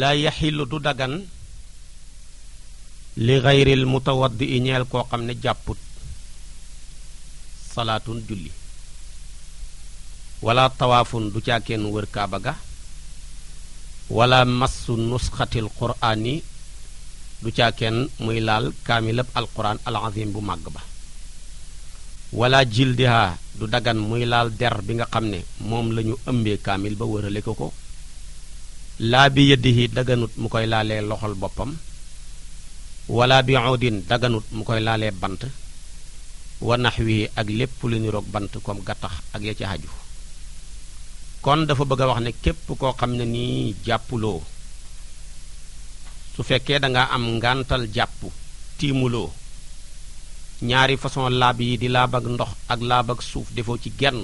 laa yaxillu du dagan li xayril mutawaddi i koo xam ne jàpput salaatun julli walla tawaafun du caa kenn wër kaaba ga walla massu nusxatil quraan du caa kenn muy laal kaamilab alquran alazim bu màgg ba wala jildiha du dagan muy laal der bi nga xam ne moom lañu ñu ëmbee kaamil ba wërale ko ko laa bi yëddihi daganut mu koy laalee loxol boppam wala bi awdin daganut mu koy laale bant wanax wi ak lépp lu niroog bant comme gattax ak ya ci haju kon dafa bëgg a wax ne képp koo xam ne nii jàppuloo su fekkee danga am ngàntal jàpp tiimuloo ñaari façon laab yi di laab ak ndox ak laab ak suuf defoo ci genn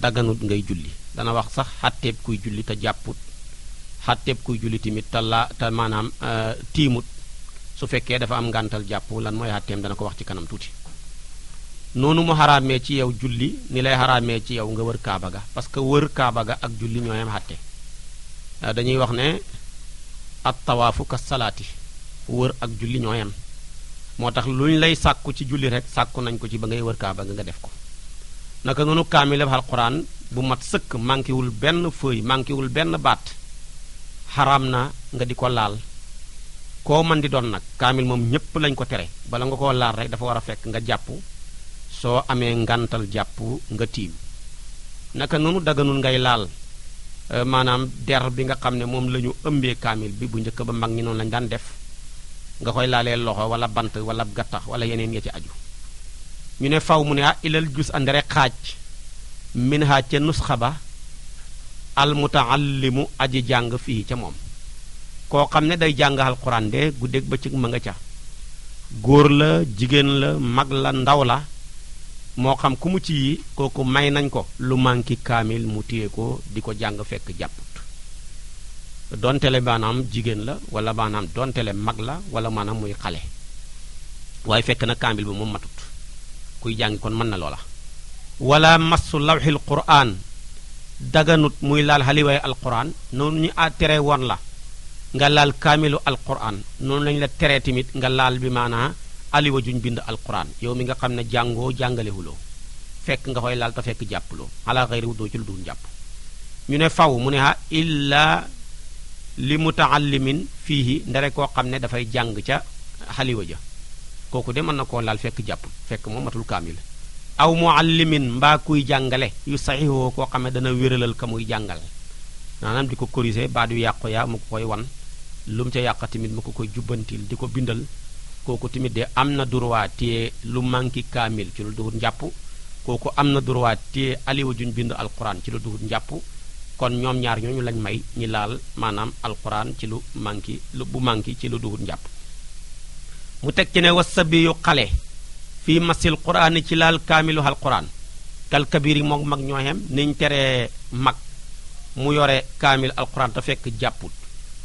daganut ngay julli dana wax sax xàtteeb kuy julli te jàpput xàtteeb kuy julli tamit te laa te maanaam euh, tiimut su fekkee dafa am ngàntal jàpp lan mooy xàtteem dana ko wax ci kanam tuuti noonu mu xaraamee ci yow julli ni lay xaraamee ci yow nga wër kaaba ga parce que wër kaaba ga ak julli ñoo yem euh, dañuy wax ne at tawaafu ka salaati wër ak julli ñoo moo tax lu ñu lay sàkku ci julli rek sàkku nañ ko ci ba ngay wër kaaba ga nga def ko naka noonu kaamilab alquran bu mat sëkk manqué wul benn feuille manqué wul benn baat xaraam na nga di ko laal koo man di doon nag kaamil moom ñépp lañ ko tere bala nga koo laal rek dafa war a fekk nga jàpp soo amee ngantal jàpp nga tiim naka noonu daganul ngay laal euh, maanaam der bi nga xam ne moom la ñu ëmbee kaamil bi bu njëkk ba mag ñi noonu lañu daan def nga koy laalee loxo wala bant wala gattax wala yeneen ya ci aju ñu ne faw mu ne ah ilal jus ànd xaaj min ha ca nusxa almutaallimu aji jàng fii ca moom koo xam ne day jàng alxuraan de guddeeg bëccëg ma nga ca góor la jigéen la mag la ndaw la moo xam ku mu ci yi kooku may nañ ko lu manki kaamil mu téye ko di ko jàng fekk jàpput dontele maanaam jigéen la wala maanaam dontele mag la wala maanaam muy xale waaye fekk na kaamil bi moom matut kuy jàng kon mën na loola wala massu lawxil quraan daganut muy laal xaliwaay alxuraan noonu ñu a tere woon la nga laal kaamilu alquran noonu lañ la tere tamit nga laal bi maanaa aliwa juñ bind alquran yow mi nga xam ne jàngoo jàngalewuloo fekk nga koy laal te fekk jàppuloo ala xeyri wudoo ci lu dul jàpp ñu ne faw mu ne ha illaa li fii fiihi ndare koo xam ne dafay jàng ca xaliwa ja kooku de mën na koo laal fekk jàpp fekk moom matul kaamil aw muallimin mbaa kuy jàngale yu saxiixoo koo xam ne dana wéralal ka muy jàngal naanam di ko corriger baat yu yàqu ya mu ko koy wan lu mu ca yàq tamit mu ko koy jubbantil di ko bindal kooku tamit de am na droit téye lu manqué kaamil ci lu duhut njàpp kooku am na droit téye aliwa juñ bind alquran ci lu njàpp kon ñoom ñaar ñooñu lañ may ñi laal maanaam alquran ci lu manqué lu bu manqué ci lu duhut njàpp mu teg ci ne wasabiyu xale fii masil quraani ci laal kaamilu al quraan kal moom mag ñoo xem niñ teree mag mu yore kaamil al quraan te fekk jàpput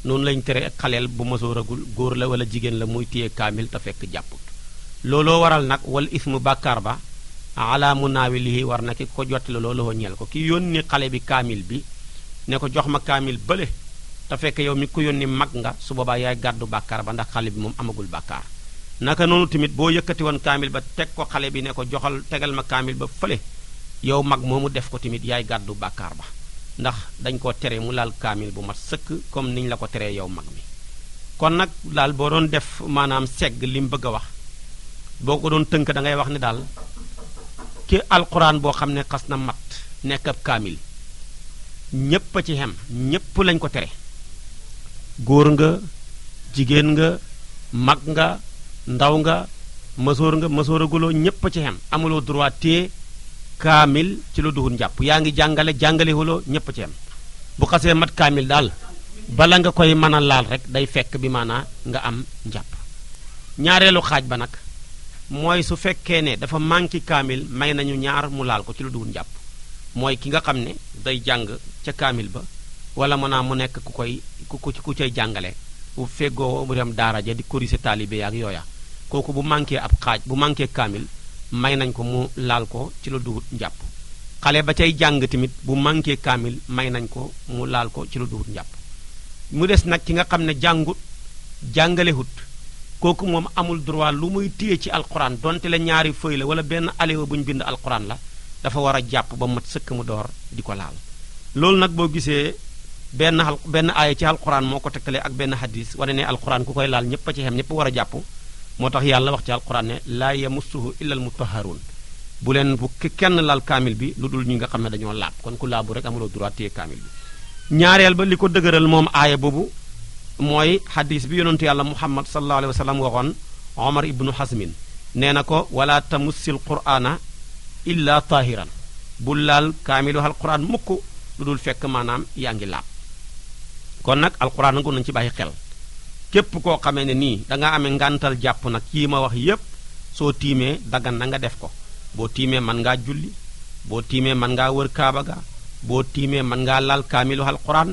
noonu lañ tere xaleel bu masooragul góor la wala jigéen la muy téye kaamil te fekk jàpput looloo waral nag wal ismu bàkkaar ba ala lii war na ki ko jottali looloo ñeel ko ki yónni xale bi kaamil bi ne ko jox ma kaamil bële te fekk yow mi ko yónni mag nga su boobaa yaay gàddu bàkkaar ba ndax xale bi moom amagul bàkkaar naka noonu tamit boo yëkkati woon kaamil ba teg ko xale bi ne ko joxal tegal ma kaamil ba fële yow mag moomu def ko tamit yaay gàddu bàkkaar ba ndax dañ ko tere mu laal kaamil bu mat sëkk comme niñ la ko teree yow mag mi kon nag daal boo doon def maanaam segg li mu bëgg a wax boo ko doon tënk dangay wax ni daal ki alxuraan boo xam ne xas na mat nekk ab kaamil ñépp a ci xem ñépp lañ ko tere góor nga jigéen nga mag nga ndaw nga masoor nga masooraguloo ñépp a ci amuloo droit téye kaamil ci lu duhul njàpp yaa ngi jàngale jàngalewuloo ñépp a ci bu xasee mat kaamil daal bala nga koy mën a laal rek day fekk bi maanaa nga am njàpp ñaareelu xaaj ba nag mooy su fekkee ne dafa manqué kaamil may nañu ñaar mu laal ko ci lu duhul njàpp mooy ki nga xam ne day jàng ca kaamil ba wala mën naa mu nekk ku koy ku ko ku cay jàngale bu feggoo mu dem daara ja di corriger taalibe yaak yooya kooku bu manqué ab xaaj bu manqué kaamil may nañ ko mu laal ko ci lu duhut njàpp xale ba cay jàng tamit bu manqué kaamil may nañ ko mu laal ko ci lu duhut njàpp mu des nag ki nga xam ne jàngut jàngalehut kooku moom amul droit lu muy téye ci alquran donte la ñaari fëy la wala benn alewa bu ñu bind alquran la dafa war a jàpp ba mat sëkk mu door di ko laal loolu nag boo gisee benn benn aaya ci alquran moo ko tekkale ak benn hadis wane ne alquran ku koy laal ñëpp a ci xem ñëpp war a jàpp moo tax yàlla wax ci alquran ne laa yamassuhu illa al mutahharuun bu leen bu kenn laal kaamil bi lu dul ñi nga xam ne dañoo laab kon ku laabu rek amuloo droit téye kaamil bi ñaareel ba li ko dëgëral moom aaya boobu mooy xadis bi yonentu yàlla muhammad sallallahu alayhi wa sallam waxoon omar ibnu hasmin nee na ko wala tamussil qur'aana illa tahiran bu laal kaamilu alquran mukk lu dul fekk maanaam yaa ngi laab kon nag alquran nangu nañ ci bàyyi xel képp koo xamee ne nii da nga amee ngàntal jàpp nag kii ma wax yépp soo tiimee daggan na nga def ko boo tiimee man ngaa julli boo tiimee man ngaa wër kaaba ga boo tiimee man ngaa lal kaamilu alquran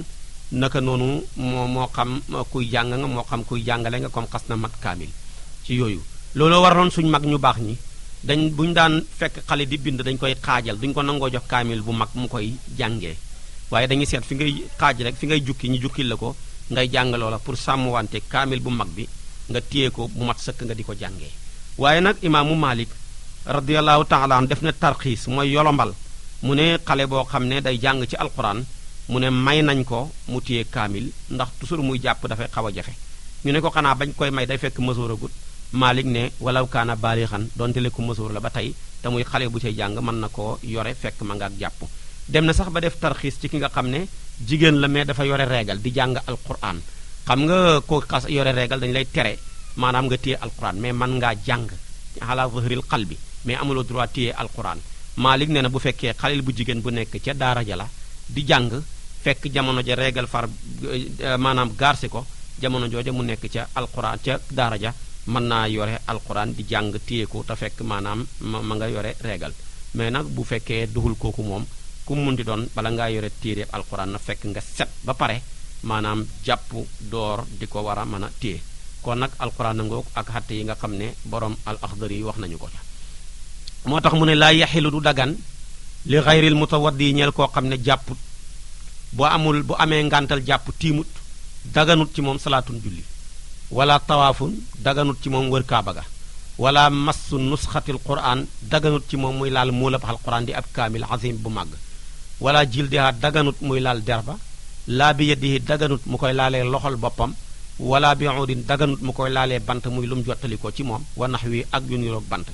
naka noonu moo moo xam kuy jàng nga moo xam kuy jàngale nga comme xas na mat kaamil ci yooyu looloo waroon suñ mag ñu baax ñi dañ buñu daan fekk xale di bind dañ koy xaajal duñ ko nangoo jox kaamil bu mag mu koy jàngee waaye dañuy seet fi ngay xaaj rek fi ngay jukki ñu jukkil la ko ngay jàngaloo la pour sàmm wante kaamil bu mag bi nga téye ko bu mat sëkk nga di ko jàngee waaye nag imaamu Malik radiallahu taala an def na tarxiis mooy yolombal mu ne xale boo xam ne day jàng ci alquran mu ne may nañ ko mu téye kaamil ndax toujours muy jàpp dafay xaw a jafe ñu ne ko xanaa bañ koy may day fekk masoor agut Malik ne walaw kaana baalixan donte le ko masoor la ba tey te muy xale bu cay jàng mën na koo yore fekk ma nga ak jàpp dem na sax ba def tarxiis ci ki nga xam ne jigéen la mais dafa yore régal di jàng alquran xam nga ko xas yore régal dañ lay tere maanaam nga téye alquran mais man ngaa jàng ala zahril qalbi mais amuloo droit téye alquran Malik nee na bu fekkee xalil bu jigéen bu nekk ca daara ja la di jàng fekk jamono ja régal far euh, maanaam garsi ko jamono jooja mu nekk ca alxuraan ca daara ja mën naa yore alxuraan di jàng téye ko te fekk maanaam ma nga yore régal mais nag bu fekkee duhul kooku moom ku mun di doon bala ngaa yore téere alxuraan na fekk nga set ba pare maanaam jàpp door di ko war a mën a téye kon nag alxuraan na ngoog ak xatte yi nga xam ne borom al axdari yi wax nañu ko ca moo tax mu ne laa yaxilu du daggan li xayril mutawaddi ñeel koo xam ne jàpput bu amul bu amee ngàntal jàpp tiimut daganut ci moom salaatun julli wala tawaafun daganut ci moom wër kaaba ga wala massu nusxatil quran daganut ci moom muy laal muulab alquran di ab kaamil azim bu màgg wala jildiha daganut muy laal ba laa bi yadihi daganut mu koy laalee loxol boppam wala bi udin daganut mu koy laalee bant muy lum jottali ko ci moom wa nax wi ak yu niroog bant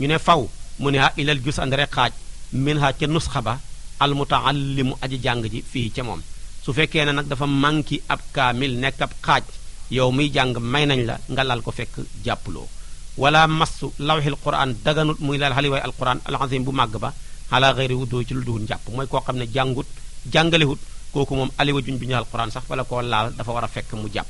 ñu ne faw mu ne ha ilal jus and rek xaaj min ha ca nusxa ba al mutaallimu aji jàng ji fii ca moom su fekkee ne nag dafa manqué ab kaamil nekk ab xaaj yow muy jàng may nañ la nga lal ko fekk jàppuloo wala massu lawxil quran daganut muy laal xaliwaay al quran al azim bu màgg ba ala xayri wuddoo ci lu duhul njàpp mooy koo xam ne jàngut jàngalewut kooku moom aliwa juñ bi ñu alquran sax wala koo laal dafa war a fekk mu jàpp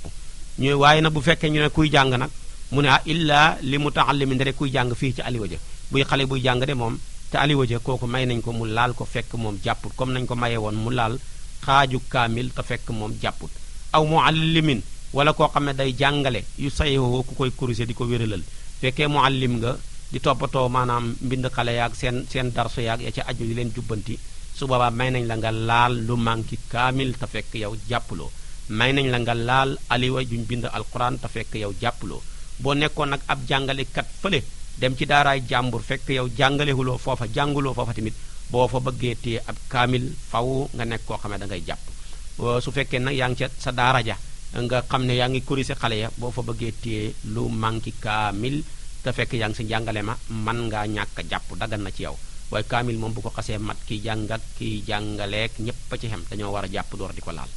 ñooy waaye na bu fekkee ñu ne kuy jàng nag mu ne ah illaa li mutaallimin rek kuy jàng fii ci aliwa ja buy xale buy jàng de moom te aliwa ja kooku may nañ ko mu laal ko fekk moom jàpput comme nañ ko mayee woon mu laal xaaju kaamil te fekk moom jàpput aw muallimin wala koo xam ne day jàngale yu sayoo ku koy corriger di ko wéralal fekkee muallim nga di toppatoo maanaam mbind xale yaag seen seen darsu yaag ya ca aju di leen jubbanti su boobaa may nañ la nga laal lu manqué kaamil te fekk yow jàppaloo may nañ la nga laal aliwa juñ bind alquran te fekk yow jàppaloo boo nekkoon nag ab jàngalekat fële dem ci daaraay jàmbur fekk yow jàngalehuloo foofa jànguloo foofa tamit boo fa bëggee téye ab kaamil faw nga nekk koo xam ne ngay jàpp su fekkee nag yaa ngi ca sa daara ja nga xam ne yaa ngi corriger xale ya boo fa bëggee téye lu manqué kaamil te fekk yaa ngi si njàngale ma man nga ñàkk jàpp dagan na ci yow waaye kaamil moom bu ko xasee mat kiy jàng ak kiy jàngaleeg ñépp a ci xem dañoo war a jàpp door di ko laal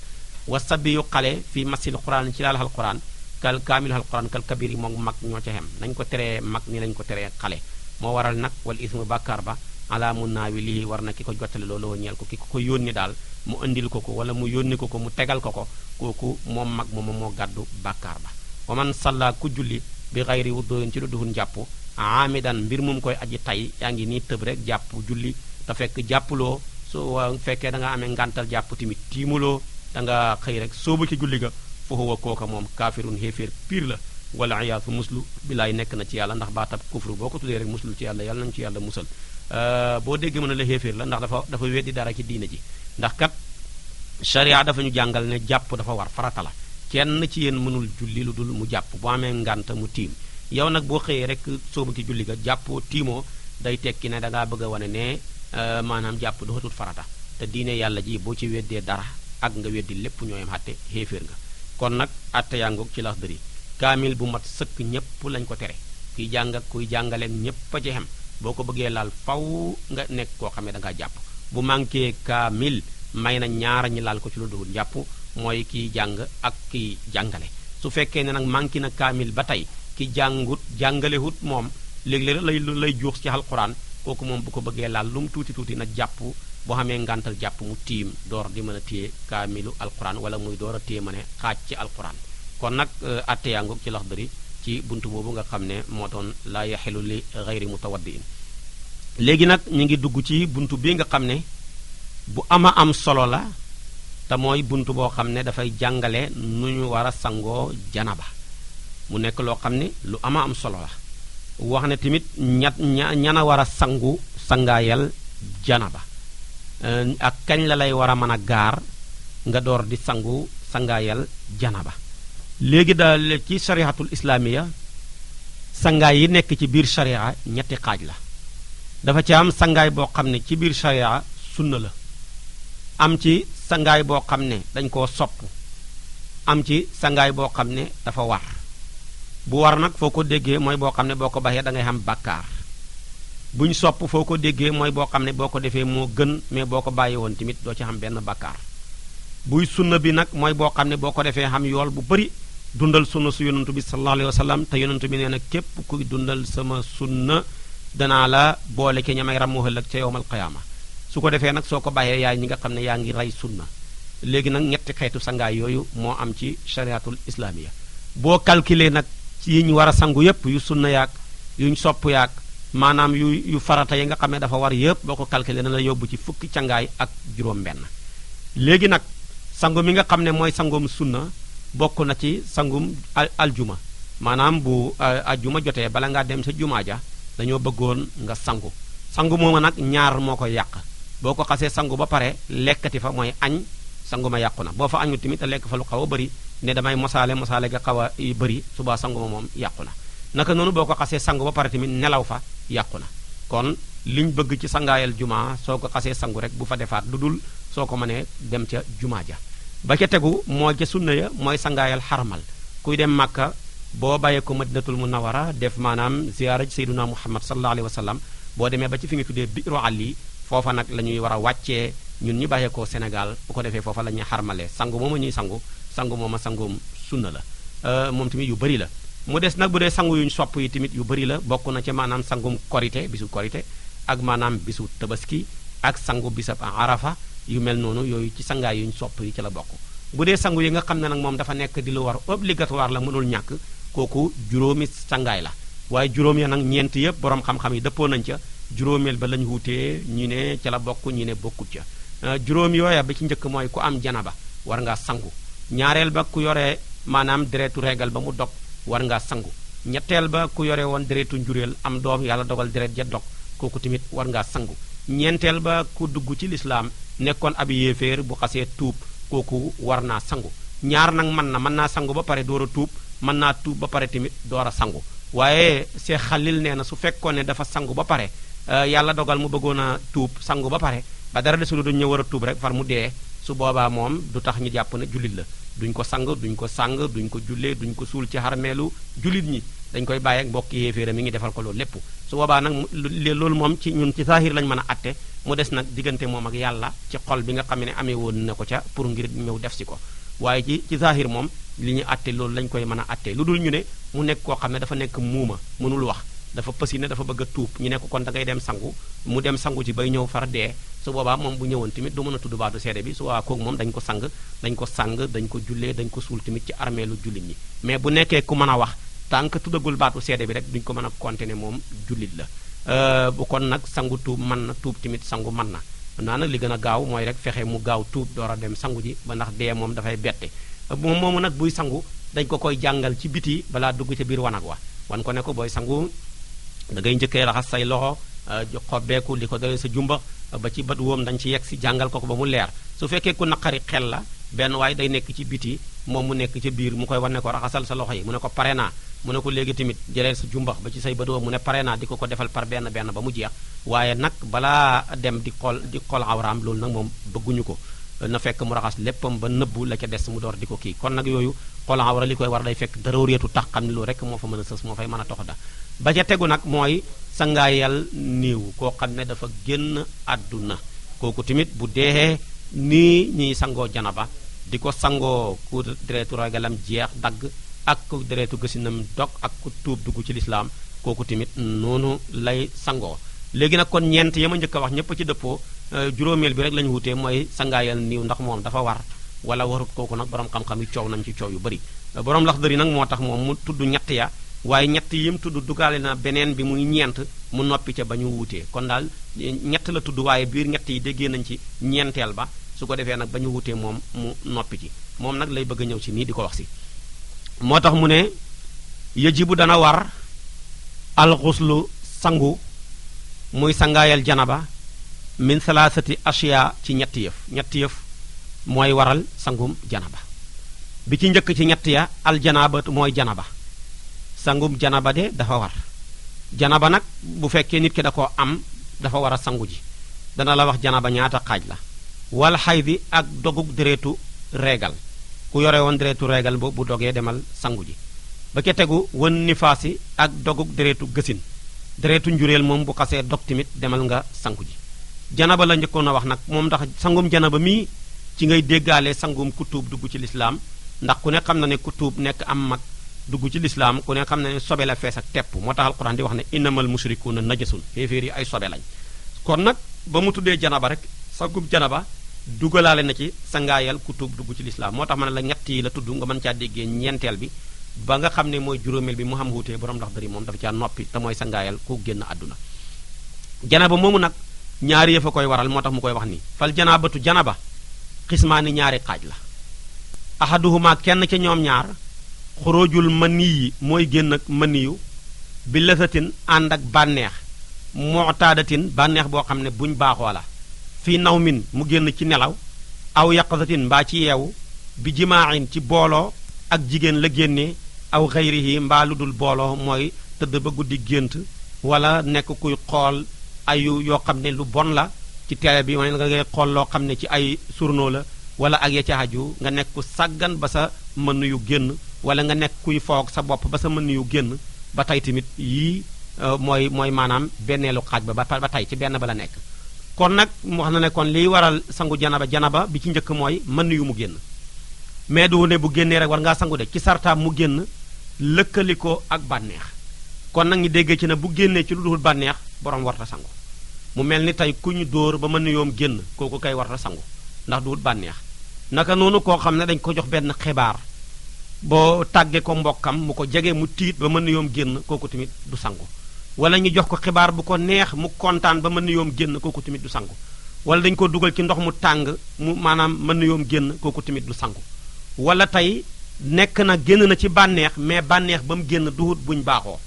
wa sabiyu xale fii masil quran ci laal al quran kal kaamilu al quran kal kabir yi moom mag ñoo ca xem nañ ko teree mag ni lañ ko teree xale moo waral nag wal ismu bàkkaar ba ala mun naa wi lii war na ki ko jottale loolu ñeel ko ki ko ko yónni daal mu indil ko ko wala mu yónni ko ko mu tegal ko ko kooku moom mag moom moo gàddu bàkkaar ba wa man salla bi xayri wu dooyin ci lu duhun jàpp amidan mbir mum koy aji tay yaa ngi nii tëb rek jàpp julli te fekk jàppuloo soo fekkee da nga amee ngantal jàpp tamit tiimuloo da nga xëy rek soobu ci julli ga fa huwa kooka moom kaafirun xéeféer piir la wala iyaasu muslu bilaay nekk na ci yàlla ndax baatab kufru boo ko tuddee rek muslu ci yàlla yàlla nañu ci yàlla musal euh, boo dégg mën a la xéeféer la ndax dafa dafa weddi dara ci diina ji ndax kat charia dafa ñu jàngal ne jàpp dafa war farata la kenn ci yéen mënul julli lu dul mu jàpp bu amee ngànta mu tiim yow nag boo xëyee rek soobu ci julli ga jàppoo tiimoo day tekki ne dangaa bëgg a wane ne euh, maanaam jàpp dootul farata te diine yàlla ji boo ci weddee dara ak nga weddi lépp ñooyam àtte xéeféer nga kon nag àtte yangoog ci Laxdari kaamil bu mat sëkk ñépp lañ ko tere kuy jàng ak kuy jàngaleen ñépp a ci boo ko bëggee laal faw nga nekk koo xam ne dangaa jàpp bu manqué kaamil may na ñaara ñi laal ko ci lu dul jàpp mooy kiy jàng ak kiy jàngale su fekkee ne nag manqué na kaamil ba tey ki jàngut jàngalewut moom léeg-léeg lay lay juux ci alquran kooku moom bu ko bëggee laal lum tuuti tuuti na jàpp boo xamee ngàntal jàpp mu tiim door di mën a téye kaamilu alquran wala muy door a téye ma ne xaaj ci alquran kon nag euh, atteyangoog ci Laxdari ci buntu boobu nga xam ne moo doon laa yaxilu li xayri mutawaddiin léegi nag ñu ngi dugg ci buntu bi nga xam ne bu ama am solo la te mooy bunt boo xam ne dafay jàngale nu ñu war a sangoo ba mu nekk loo xam ne lu ama am solo la wax ne tamit ña ñana war a sangu sangaayal jana ba ak kañ la lay war a mën a gaar nga door di sangu sangaayal jana ba léegi daal ci shariatul islaamiya sangaay yi nekk ci biir sharia ñetti xaaj la dafa ci am sangaay boo xam ne ci biir sharia sunn la sangaay boo xam ne dañ koo sopp am ci sangaay boo xam ne dafa war bu war nag foo ko déggee mooy boo xam ne boo ko baxee da ngay xam bàkkaar buñ sopp foo ko déggee mooy boo xam ne boo ko defee moo gën mais boo ko bàyyi woon tamit doo ci xam benn bàkkaar buy sunna bi nag mooy boo xam ne boo ko defee xam yool bu bëri dundal sunna su yonantu bi sallallahu alayhi te yonantu bi nee na képp kuy dundal sama sunna danaa la boole ci ñamay rammoo ëllëg ca yowmal qiyaama su ko defee nag soo ko bàyyee yaay ñi nga xam ne yaa ngi rey sunna léegi nag ñetti xeetu sangaay yooyu moo am ci chariatul ya boo calculer nag yi ñu war a sangu yépp yu sunna yaag yuñ sopp yàgg maanaam yu yu farata yi nga xam ne dafa war yépp boo ko calculer na la yóbbu ci fukki cangaay ak juróom benn léegi nag sangu mi nga xam ne mooy sangum sunna bokk na ci sangum aljuma maanaam bu aljuma jotee bala ngaa dem sa jumaa ja dañoo bëggoon nga sangu sangu mooma nag ñaar moo ko yàq boo ko xasee sangu ba pare lekkati fa mooy añ sangu ma yàqu na boo fa añu tamit te lekk fa lu xaw a bëri ne damay mosaale mosaale ga xaw a bëri subaa sangu moom yàqu na naka noonu boo ko xasee sangu ba pare tamit nelaw fa yàqu na kon liñ bëgg ci sangaayal jumaa soo ko xasee sangu rek bu fa defaat lu dul soo ko mënee dem ca jumaa ja ba ca tegu moo ca sunna ya mooy sangaayal xaramal kuy dem màkka boo bàyyee ko madinatul munawara def maanaam ziyaara ji sayduna muhammad sallallahu alayhi wa sallam boo demee ba ci fi nga tuddee biiru ali foofa nag la ñuy war a wàccee ñun ñu bàyyeekoo Sénégal bu ko defee foofa la ñuy xarmale sangu mooma ñuy sangu sangu mooma sangoom sunna la euh, moom tamit yu bëri la mu des nag bu dee sangu yuñ sopp yi tamit yu bëri la bokk na ci maanaam sangum korite bisu korite ak maanaam bisu tabaski ak sangu bisab arafa yu mel noonu yooyu ci sangaay yuñ sopp yi ci la bokk bu dee sangu yi nga xam ne nag moom dafa nekk di lu war obligatoire la mënul ñàkk kooku juróomi sangaay la waaye juróom ya nag ñeent yëpp borom xam yi dëppoo nañ ca juróomeel ba lañ wutee ñi ne ca la bokk ñi ne bokkut ca euh, juróom yooya ba ci njëkk mooy ku am jana ba war ngaa sangu ñaareel ba ku yore maanaam deretu regal ba mu dog war ngaa sangu ñetteel ba ku yore woon deretu njuréel am doom yàlla dogal deret ja dog kooku tamit war ngaa sangu ñeenteel ba ku dugg ci lislaam nekkoon ab yéeféer bu xasee tuub kooku war naa sangu ñaar nag mën na mën naa sangu ba pare door a tuub mën naa tuub ba pare tamit door a sangu nee na su fekkoon ne dafa sangu ba pare Euh, yàlla dogal mu bëggoon a tuub sangu ba pare ba dara desul duñ ñëw war a tuub rek far mu dee su boobaa moom du tax ñu jàpp na jullit la duñ ko sang duñ ko sang duñ ko jullee duñ ko suul ci xarmeelu jullit ñi dañ koy bàyyi ak mbokki yéeféera mi ngi defal ko loolu lépp su boobaa nag loolu moom ci ñun ci saahir lañ mën a atte mu des nag diggante moom ak yàlla ci xol bi nga xam ne amee woon na ko ca pour ngir ñëw def si ko waaye ci ci saahir moom li ñu atte loolu lañ koy mën a atte lu dul ñu ne mu nekk koo xam ne dafa nekk muuma mënul wax dafa pasine dafa bëgg a tuub ñu ko kon da ngay dem sangu mu dem sangu ci bay ñëw far dee su boobaa moom bu ñëwoon tamit du mën a tudd baatu seede bi su boobaa kooku moom dañ ko sang dañ ko sang dañ ko jullee dañ ko suul tamit ci armée lu ñi mais bu nekkee ku mën a wax tant que tuddagul baatu bi rek duñ ko mën a moom jullit la euh, bu kon nag sangu tuub mën na tuub tamit sangu man na naa nag li gën a gaaw mooy rek fexe mu gaaw tuub door a dem sangu ji ba ndax dee moom dafay bette euh, moom moomu nag buy sangu dañ ko koy jàngal ci biti balaa dugg ci biir wanag wa wan ko ne ko booy sangu da ngay njëkkee raxas say loxo euh, xobbeeku li ko dalee sa jumbax ba ci bët woom dañ ci yegg si jàngal ko ko ba mu leer su fekkee ku naqari xel la benn waaye day nekk ci biti moom mu nekk ci biir mu koy wan ko raxasal sa loxo yi mu ne ko pare naa mu ne ko léegi tamit jëleel sa jumbax ba ci say bët woom mu ne pare naa di ko ko defal par benn benn ba mu jeex waaye nag balaa dem di xool di xool awraam loolu nag moom bëgguñu ko na fekk mu raxas léppam ba nëbbu la ca di ko kii kon nag yooyu xool awra li koy war day fekk dara réetu tax xam ne loolu rek moo fa mën a sës mën a tox da ba ca tegu nag mooy sangaayal niiw koo xam ne dafa génn àdduna kooku tamit bu dee nii ñuy sangoo jana ba di ko sangoo ku deretu ragalam jeex dagg ak ku deretu gësinam dog ak ku tuub dugg ci lislaam kooku tamit noonu lay sangoo léegi nag kon ñeent ya ma njëkk a wax ñëpp ci dëppoo euh, juróomeel bi rek la ñu wutee mooy sangaayal niiw ndax moom dafa war wala warut kooku nag borom xam-xam yi coow nañu ci coow yu bëri borom laxdari nag moo tax moom mu tudd ñett ya waaye ñett yim tudd dugaale na beneen bi muy ñeent mu noppi ca ba ñu wutee kon daal ñett la tudd waaye biir ñett yi déggee nañ ci ñeenteel ba su ko defee nag ba ñu wutee moom mu noppi ci moom nag lay bëgg a ñëw ci nii di ko wax moo tax mu ne yajibu dana war alxuslu sangu muy sangaayal jana ba min salaasati ashiya ci ñett yëf ñetti yëf mooy waral sangum janaba bi ci njëkk ci ñett ya aljanabatu mooy jana ba sangum janaba de dafa war janaba nag bu fekkee nit ki da koo am dafa war a sangu ji dana la wax janaba ñaata xaaj la wal xay bi ak dogug deretu reegal ku yore woon deretu reegal bo bu dogee demal sangu ji ba ke tegu wan nifaasi ak dogug deretu gësin deretu njureel moom bu xasee dog tamit demal nga sangu ji janaba la njëkkoon a wax nag moom ndax sangum janaba mii ci ngay déggaale sangum ku tuub dugg ci lislaam ndax ku ne xam na ne ku tuub nekk am mag dugg ci lislaam ku ne xam ne sobe la fees ak tepp moo tax alquran di wax ne innamal mushrikuuna najasun féeféer yi ay sobe lañ kon nag ba mu tuddee janaba rek sangub janaba dugalaale na ci sangaayal ku tuub dugg ci lislaam moo tax ma la ñett yi la tudd caa déggee ñeenteel bi ba nga xam ne mooy juróomeel bi mu xam wuutee borom ndax dëri moom dafa caa noppi mooy sangaayal ku génn àdduna janaba moomu nag ñaari yëf a koy waral moo tax mu koy wax nii fal janabatu janaba xismaani ñaari xaaj la ahaduhuma kenn ca ñoom ñaar xoroojul mani yi mooy génn ak maniyu bi lasatin ànd ak bànneex motaadatin bànneex boo xam ne buñ baaxoo la fii naw min mu génn ci nelaw aw yaqasatin mbaa ci yeewu bi jimaaxin ci booloo ak jigéen la génnee aw xayrihi mbaa lu dul booloo mooy tëdd ba guddi gént wala nekk kuy xool ayu yoo xam ne lu bon la ci télé bi wane nga ngay xool loo xam ne ci ay surno la wala ak ya ca nga nekk ku sàggan ba sa mën yu génn wala nga nekk kuy foog sa bopp ba sa mën yu génn ba tey tamit yii euh, mooy mooy maanaam benneelu xaaj ba ba tey ci benn ba la nekk kon nag mu wax na ne kon liy waral sangu janaba janaba bi ci njëkk mooy mën yu mu génn mais du ne bu génnee rek war ngaa sangu de ci sartaam mu génn lëkkalikoo ak bànneex kon nag ñu déggee ci ne bu génnee ci lu dul bànneex borom warta sangu mu mel ni tey ku ñu dóor ba mën yoom génn kooku koy warta sangu ndax duwut bànneex naka noonu koo xam ne dañ ko jox benn xibaar boo tàggee ko mbokkam mu ko jege mu tiit ba mën na yoon génn kooku tamit du sangu wala ñu jox ko xibaar bu ko neex mu kontaan ba mën na yoom génn kooku tamit du sangu wala dañu ko dugal ci ndox mu tàng mu maanaam mën na yoom génn kooku tamit du sangu wala tey nekk na génn na ci bànneex mais bànneex ba mu génn duhut buñ baaxoo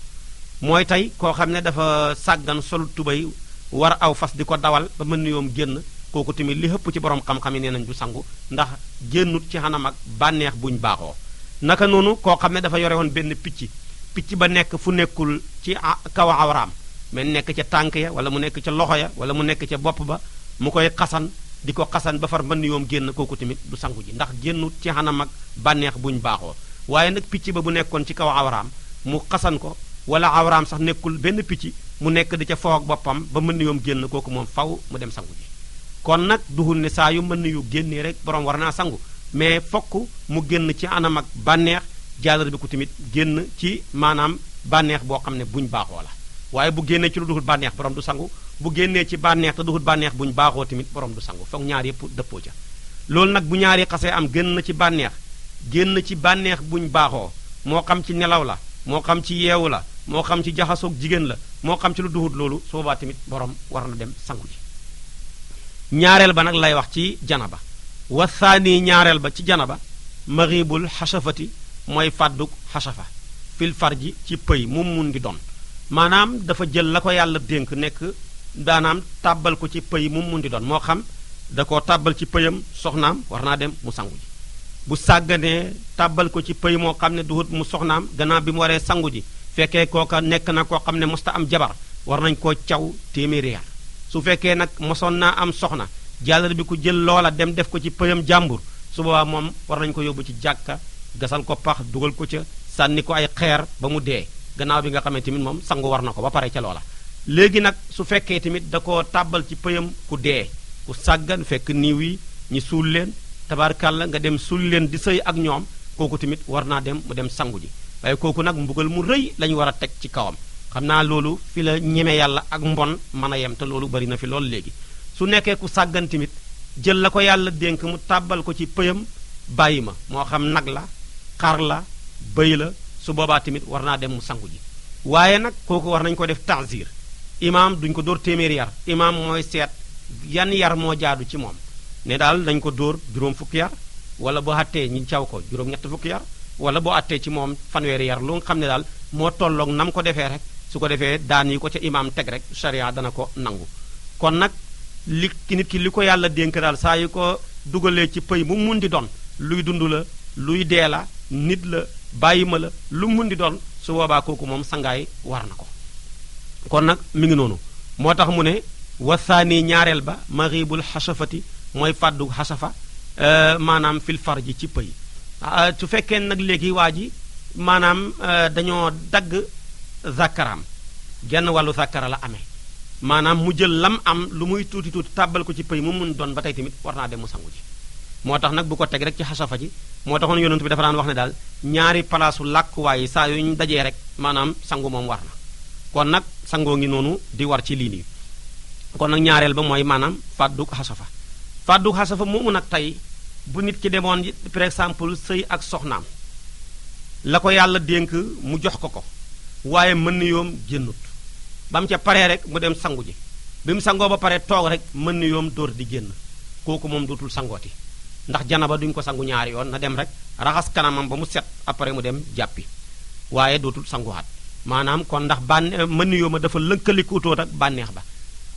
mooy tey koo xam ne dafa sàggan sol tubay war aw fas di ko dawal mën na yoom génn kooku tamit li ëpp ci borom xam-xam yi nañ du sangu ndax génnut ci xanam ak bànneex buñ baaxoo naka noonu koo xam ne dafa yore woon benn picc picc ba nekk fu nekkul ci kaw awraam mais nekk ca tànk ya wala mu nekk ca loxo ya wala mu nekk ca bopp ba mu koy xasan di ko xasan ba far mën yoom génn kooku tamit du sangu ji ndax génnut ci xanam ak bànneex buñ baaxoo waaye nag picc ba bu nekkoon ci kaw awraam mu xasan ko wala awraam sax nekkul benn picc mu nekk di ca foo boppam ba mën yoom génn kooku moom faw mu dem sangu kon nag duhul ne saa yu mën yu génnee rek borom war naa sangu mais fokk mu génn ci anam ak bànneex jàllale bi ko tamit génn ci maanaam bànneex boo xam ne buñ baaxoo la waaye bu génnee ci lu duhul bànneex borom du sangu bu génnee ci bànneex te duhul bànneex buñ baaxoo tamit borom du sangu foog ñaar yëpp dëppoo ca loolu nag bu ñaari xasee am génn na ci bànneex génn ci bànneex buñ baaxoo moo xam ci nelaw la moo xam ci yeewu la moo xam ci jaxasoog jigéen la moo xam ci lu duhut loolu su boobaa tamit borom war na dem sangu ñaareel ba nag lay wax ci janaba wa thani ñaareel ba ci jana janaba maxibul xasafati mooy fàddug xasafa fil ji ci pëy mu mun di doon maanaam dafa jël la ko yàlla dénk nekk daanaam tàbbal ko ci pëy mu mun di doon moo xam da ko tàbbal ci pëyam soxnaam war naa dem mu sangu bu sàgganee tàbbal ko ci pëy moo xam ne duhut mu soxnaam gannaaw bi mu waree sangu ji fekkee kooka nekk na koo xam ne mosta am jabar war nañ koo caw téeméeri yar su fekkee nag mosoon naa am soxna jàllale bi ku jël loola dem def ko ci pëyam jàmbur su boobaa moom war nañu ko yóbbu ci jàkka gasal ko pax dugal ko ca sànni ko ay xeer ba mu dee gannaaw bi nga xamante tamit moom sangu war na ko ba pare ca loola léegi nag su fekkee tamit da ko tàbbal ci pëyam ku dee ku sàggan fekk niiw yi ñu suul leen tabaarkàlla nga dem suul leen di sëy ak ñoom kooku tamit war naa dem mu dem sangu ji waaye kooku nag mbugal mu rëy lañu war a teg ci kawam xam naa loolu fi la ñeme yàlla ak mbon mën a yem te loolu bari na fi lool léegi su nekkee ku sàggan tamit jël la ko yàlla dénk mu tàbbal ko ci pëyam bàyyi ma moo xam nag la xar la bëy la su boobaa tamit war naa dem mu sangu ji waaye nag kooku war nañu ko def tanzir imaam duñ ko dóor téeméeri yar imaam mooy seet yan yar moo jaadu ci moom ne daal dañ ko dóor juróom fukki yar wala boo àttee ñu caw ko juróom ñett fukki yar wala boo àttee ci moom fanweeri yar lu xam ne daal moo tolloog nam ko defee rek su ko defee daan yi ko ca teg rek charia dana ko nangu li ki nit ki li ko yàlla dénk daal saa yu ko dugalee ci pëy mu mun di doon luy dund la luy dee la nit la bàyyi ma la lu mun di doon su boobaa kooku moom sangaay war na ko kon nag mu ngi noonu moo tax mu ne wasaani ñaareel ba maribul xasafati mooy fàddu xasafa euh, maanaam filfar far ji ci pëy ah, ah, su fekkee nag léegi waa ji maanaam euh, dañoo dagg zakkaraam genn wàllu zakkara la amee maanaam mu jël lam am lu muy tuuti tuuti tàbbal ko ci pëy mu mun doon ba tey tamit war naa dem mu sangu ji moo tax nag bu ko teg rek ci xasafa ji moo taxoon yonent bi dafa daan wax ne daal ñaari palaasu làkkuwaay yi saa yu ñu dajee rek maanaam sangu moom war na kon nag sangoo ngi noonu di war ci lii nii kon nag ñaareel ba mooy maanaam fa fàddug xasafa fàddug xasafa moomu nag tey bu nit ki demoon par exemple sëy ak soxnaam la ko yàlla dénk mu jox ko ko waaye mën na yoom génnut ba mu ca paree rek mu dem sangu ji bi mu sangoo ba pare toog rek mën na yoom dóor di génn kooku moom dootul sangooti ndax jana ba duñ ko sangu ñaari yoon na dem rek raxas kanamam ba mu set après mu dem jàppi waaye dootul sanguwaat maanaam kon ndax bànne mën na yoom a dafa lënkalikuutoot ak bànneex ba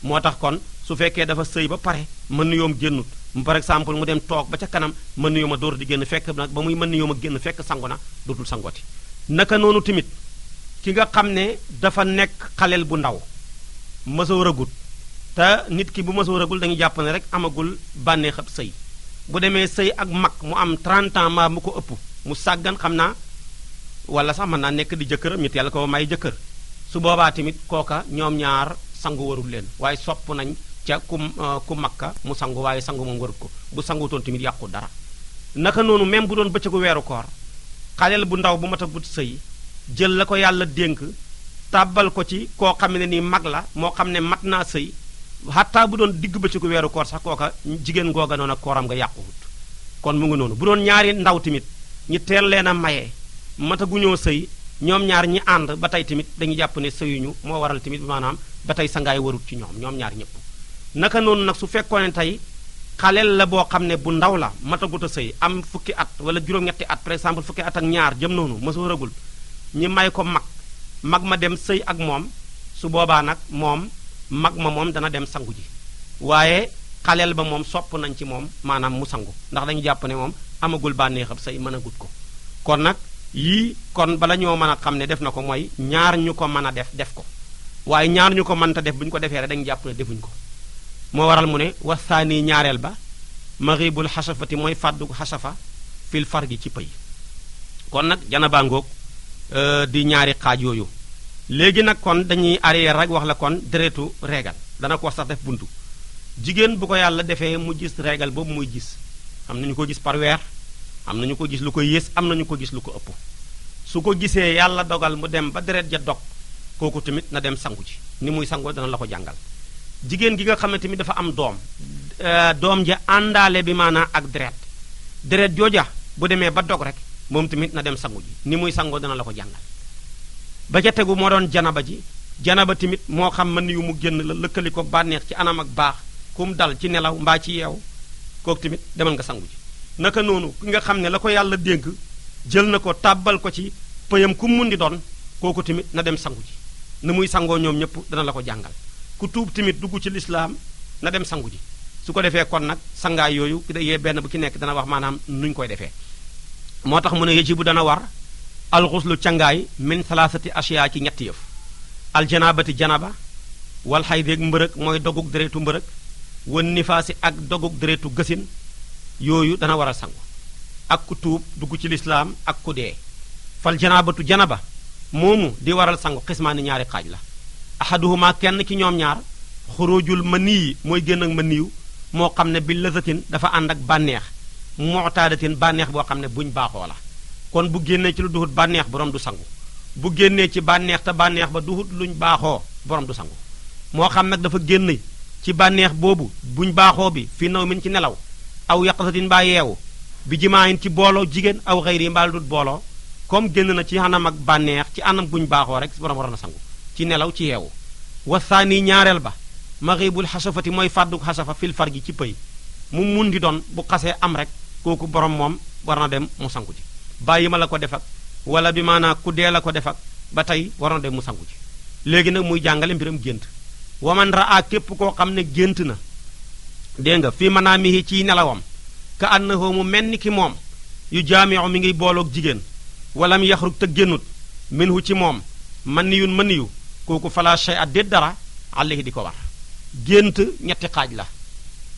moo tax kon su fekkee dafa sëy ba pare mën na yoom génnut par exemple mu dem toog ba ca kanam mën na yoom a dóor di génn fekk nag ba muy mën na yoom a génn fekk sangu na dootul sangooti naka noonu tamit ki nga xam ne dafa nekk xaleel bu ndaw mësoo rëgut te nit ki bu mësoo rëgul dañu jàpp ne rek amagul bànneex ab sëy bu demee sëy ak mag mu am 30 ans mu ko ëpp mu sàggan xam naa wala sax mën naa nekk di jëkkëram nit yàlla ko may jëkkër su boobaa tamit kooka ñoom ñaar sangu warul leen waaye sopp nañ ca ku euh, ku makka mu sangu waaye sangu moom warut ko bu sangutoon tamit yàqu dara naka noonu même bu doon bëccëgu weeru koor xaleel bu ndaw bu mat a jël la ko yàlla dénk tàbbal ko ci koo xam ne nii mag la moo xam ne mat naa sëy xattaa bu doon digg ba ci ku weeru koor sax kooka jigéen googa noonu ak kooram nga yàquwut kon mu ngi noonu bu doon ñaari ndaw tamit ñi teel leen a maye mataguñoo sëy ñoom ñaari ñi ànd ba tey tamit dañuy jàpp ne sëyuñu moo waral tamit maanaam ba tey sangaay warut ci ñoom ñoom ñaari ñëpp naka noonu nag su fekkoon ne tey xaleel la boo xam ne bu ndaw la matagut a sëy am fukki at wala juróom-ñetti at par exemple fukki at ak ñaar jëm noonu mësu waragul ñi may ko mag mag ma dem sëy ak moom su boobaa nag moom mag ma moom dana dem sangu ji waaye xaleel ba moom sopp nañ ci moom maanaam mu sangu ndax dañu jàpp ne moom amagul bànneexam sëy mën a gut ko kon nag yii kon bala ñoo mën a xam ne def na ko mooy ñaar ñu ko mën a def def ko waaye ñaar ñu ko mënta def bu ñu ko defee rek dañu jàpp ne defuñ ko moo waral mu ne wax wasaani ñaareel ba maxibul xasafati mooy fàddu xasafa fil far gi ci pëy kon nag jana baa Euh, di ñaari xaaj yooyu léegi nag kon dañuy arrière rek wax la kon deretu reegal dana ko sax def buntu jigéen bu ko yàlla defee mu gis reegal boobu muy gis am nañu ko gis par weer am nañu ko gis lu ko yées am na ñu ko gis lu ko ëpp su ko gisee yàlla dogal mu dem ba deret ja dog kooku tamit na dem sangu ci ni muy sangoo dana la ko jàngal jigéen gi nga xam ne tamit dafa am doom euh, doom ja àndaale bi maanaam ak deret deret jooja bu demee ba dog rek moom tamit na dem sangu ji ni muy sangoo dana la ko jàngal ba ca tegu moo doon janaba ji janaba tamit moo xam mën yu mu génn la lëkkali ko bànneex ci anam ak baax ku dal ci nelaw mbaa ci yeew kook tamit demal nga sangu ji naka noonu ki nga xam ne la ko yàlla dénk jël na ko tàbbal ko ci pëyam ku mu mun di doon kooku tamit na dem sangu ji ni muy sangoo ñoom ñëpp dana la ko jàngal ku tuub tamit dugg ci lislaam na dem sangu ji su ko defee kon nag sangaay yooyu da yee benn bu ki nekk dana wax maanaam nuñ koy defee moo tax mu ne yajibu dana war alxuslu càngaay min salaasati asiya ci ñetti yëf aljanaabati janaba wal xaydéeg mbërëg mooy dogug deretu mbërëg wan nifaasi ak dogug deretu gësin yooyu dana war a sangu ak ku tuub dugg ci lislaam ak ku dee fal janaba moomu di waral sangu xismaani ñaari xaaj la ahaduhuma kenn ci ñoom ñaar xurujul ma nii mooy génn ak ma niiw moo xam ne bi lësatin dafa ànd ak bànneex motaadatin bànneex boo xam ne buñ baaxoo la kon bu génnee ci lu duhut bànneex borom du sangu bu génnee ci bànneex te bànneex ba duhut luñ baaxoo borom du sangu moo xam nag dafa génn ci bànneex boobu buñ baaxoo bi fi naw min ci nelaw aw yaqasatin mbaa yeewu bi jimaayin ci booloo jigéen aw xëyri yi mbaa booloo comme génn na ci anam ak bànneex ci anam guñ baaxoo rek borom war na sangu ci nelaw ci yeewu wasaani ñaareel ba maxibul xasafati mooy fàddu xasafa fil far gi ci pëy mu mun di doon bu xasee am rek kooku borom moom war na dem mu sanku ci bàyyi ma la ko def ak wala bi maanaa ku dee la ko def ak ba tey war na dem mu sanku ci léegi nag muy jàngale mbiram gént waman raa képp koo xam ne gént na dégg nga fii manaamihi ciy nelawam ka annahu mu mel ni ki moom yu jaamiu mi ngi booloog jigéen walam yaxrug te génnut minhu ci moom man niyun man niyu kooku fala shay at déet dara alayhi di ko war gént ñetti xaaj la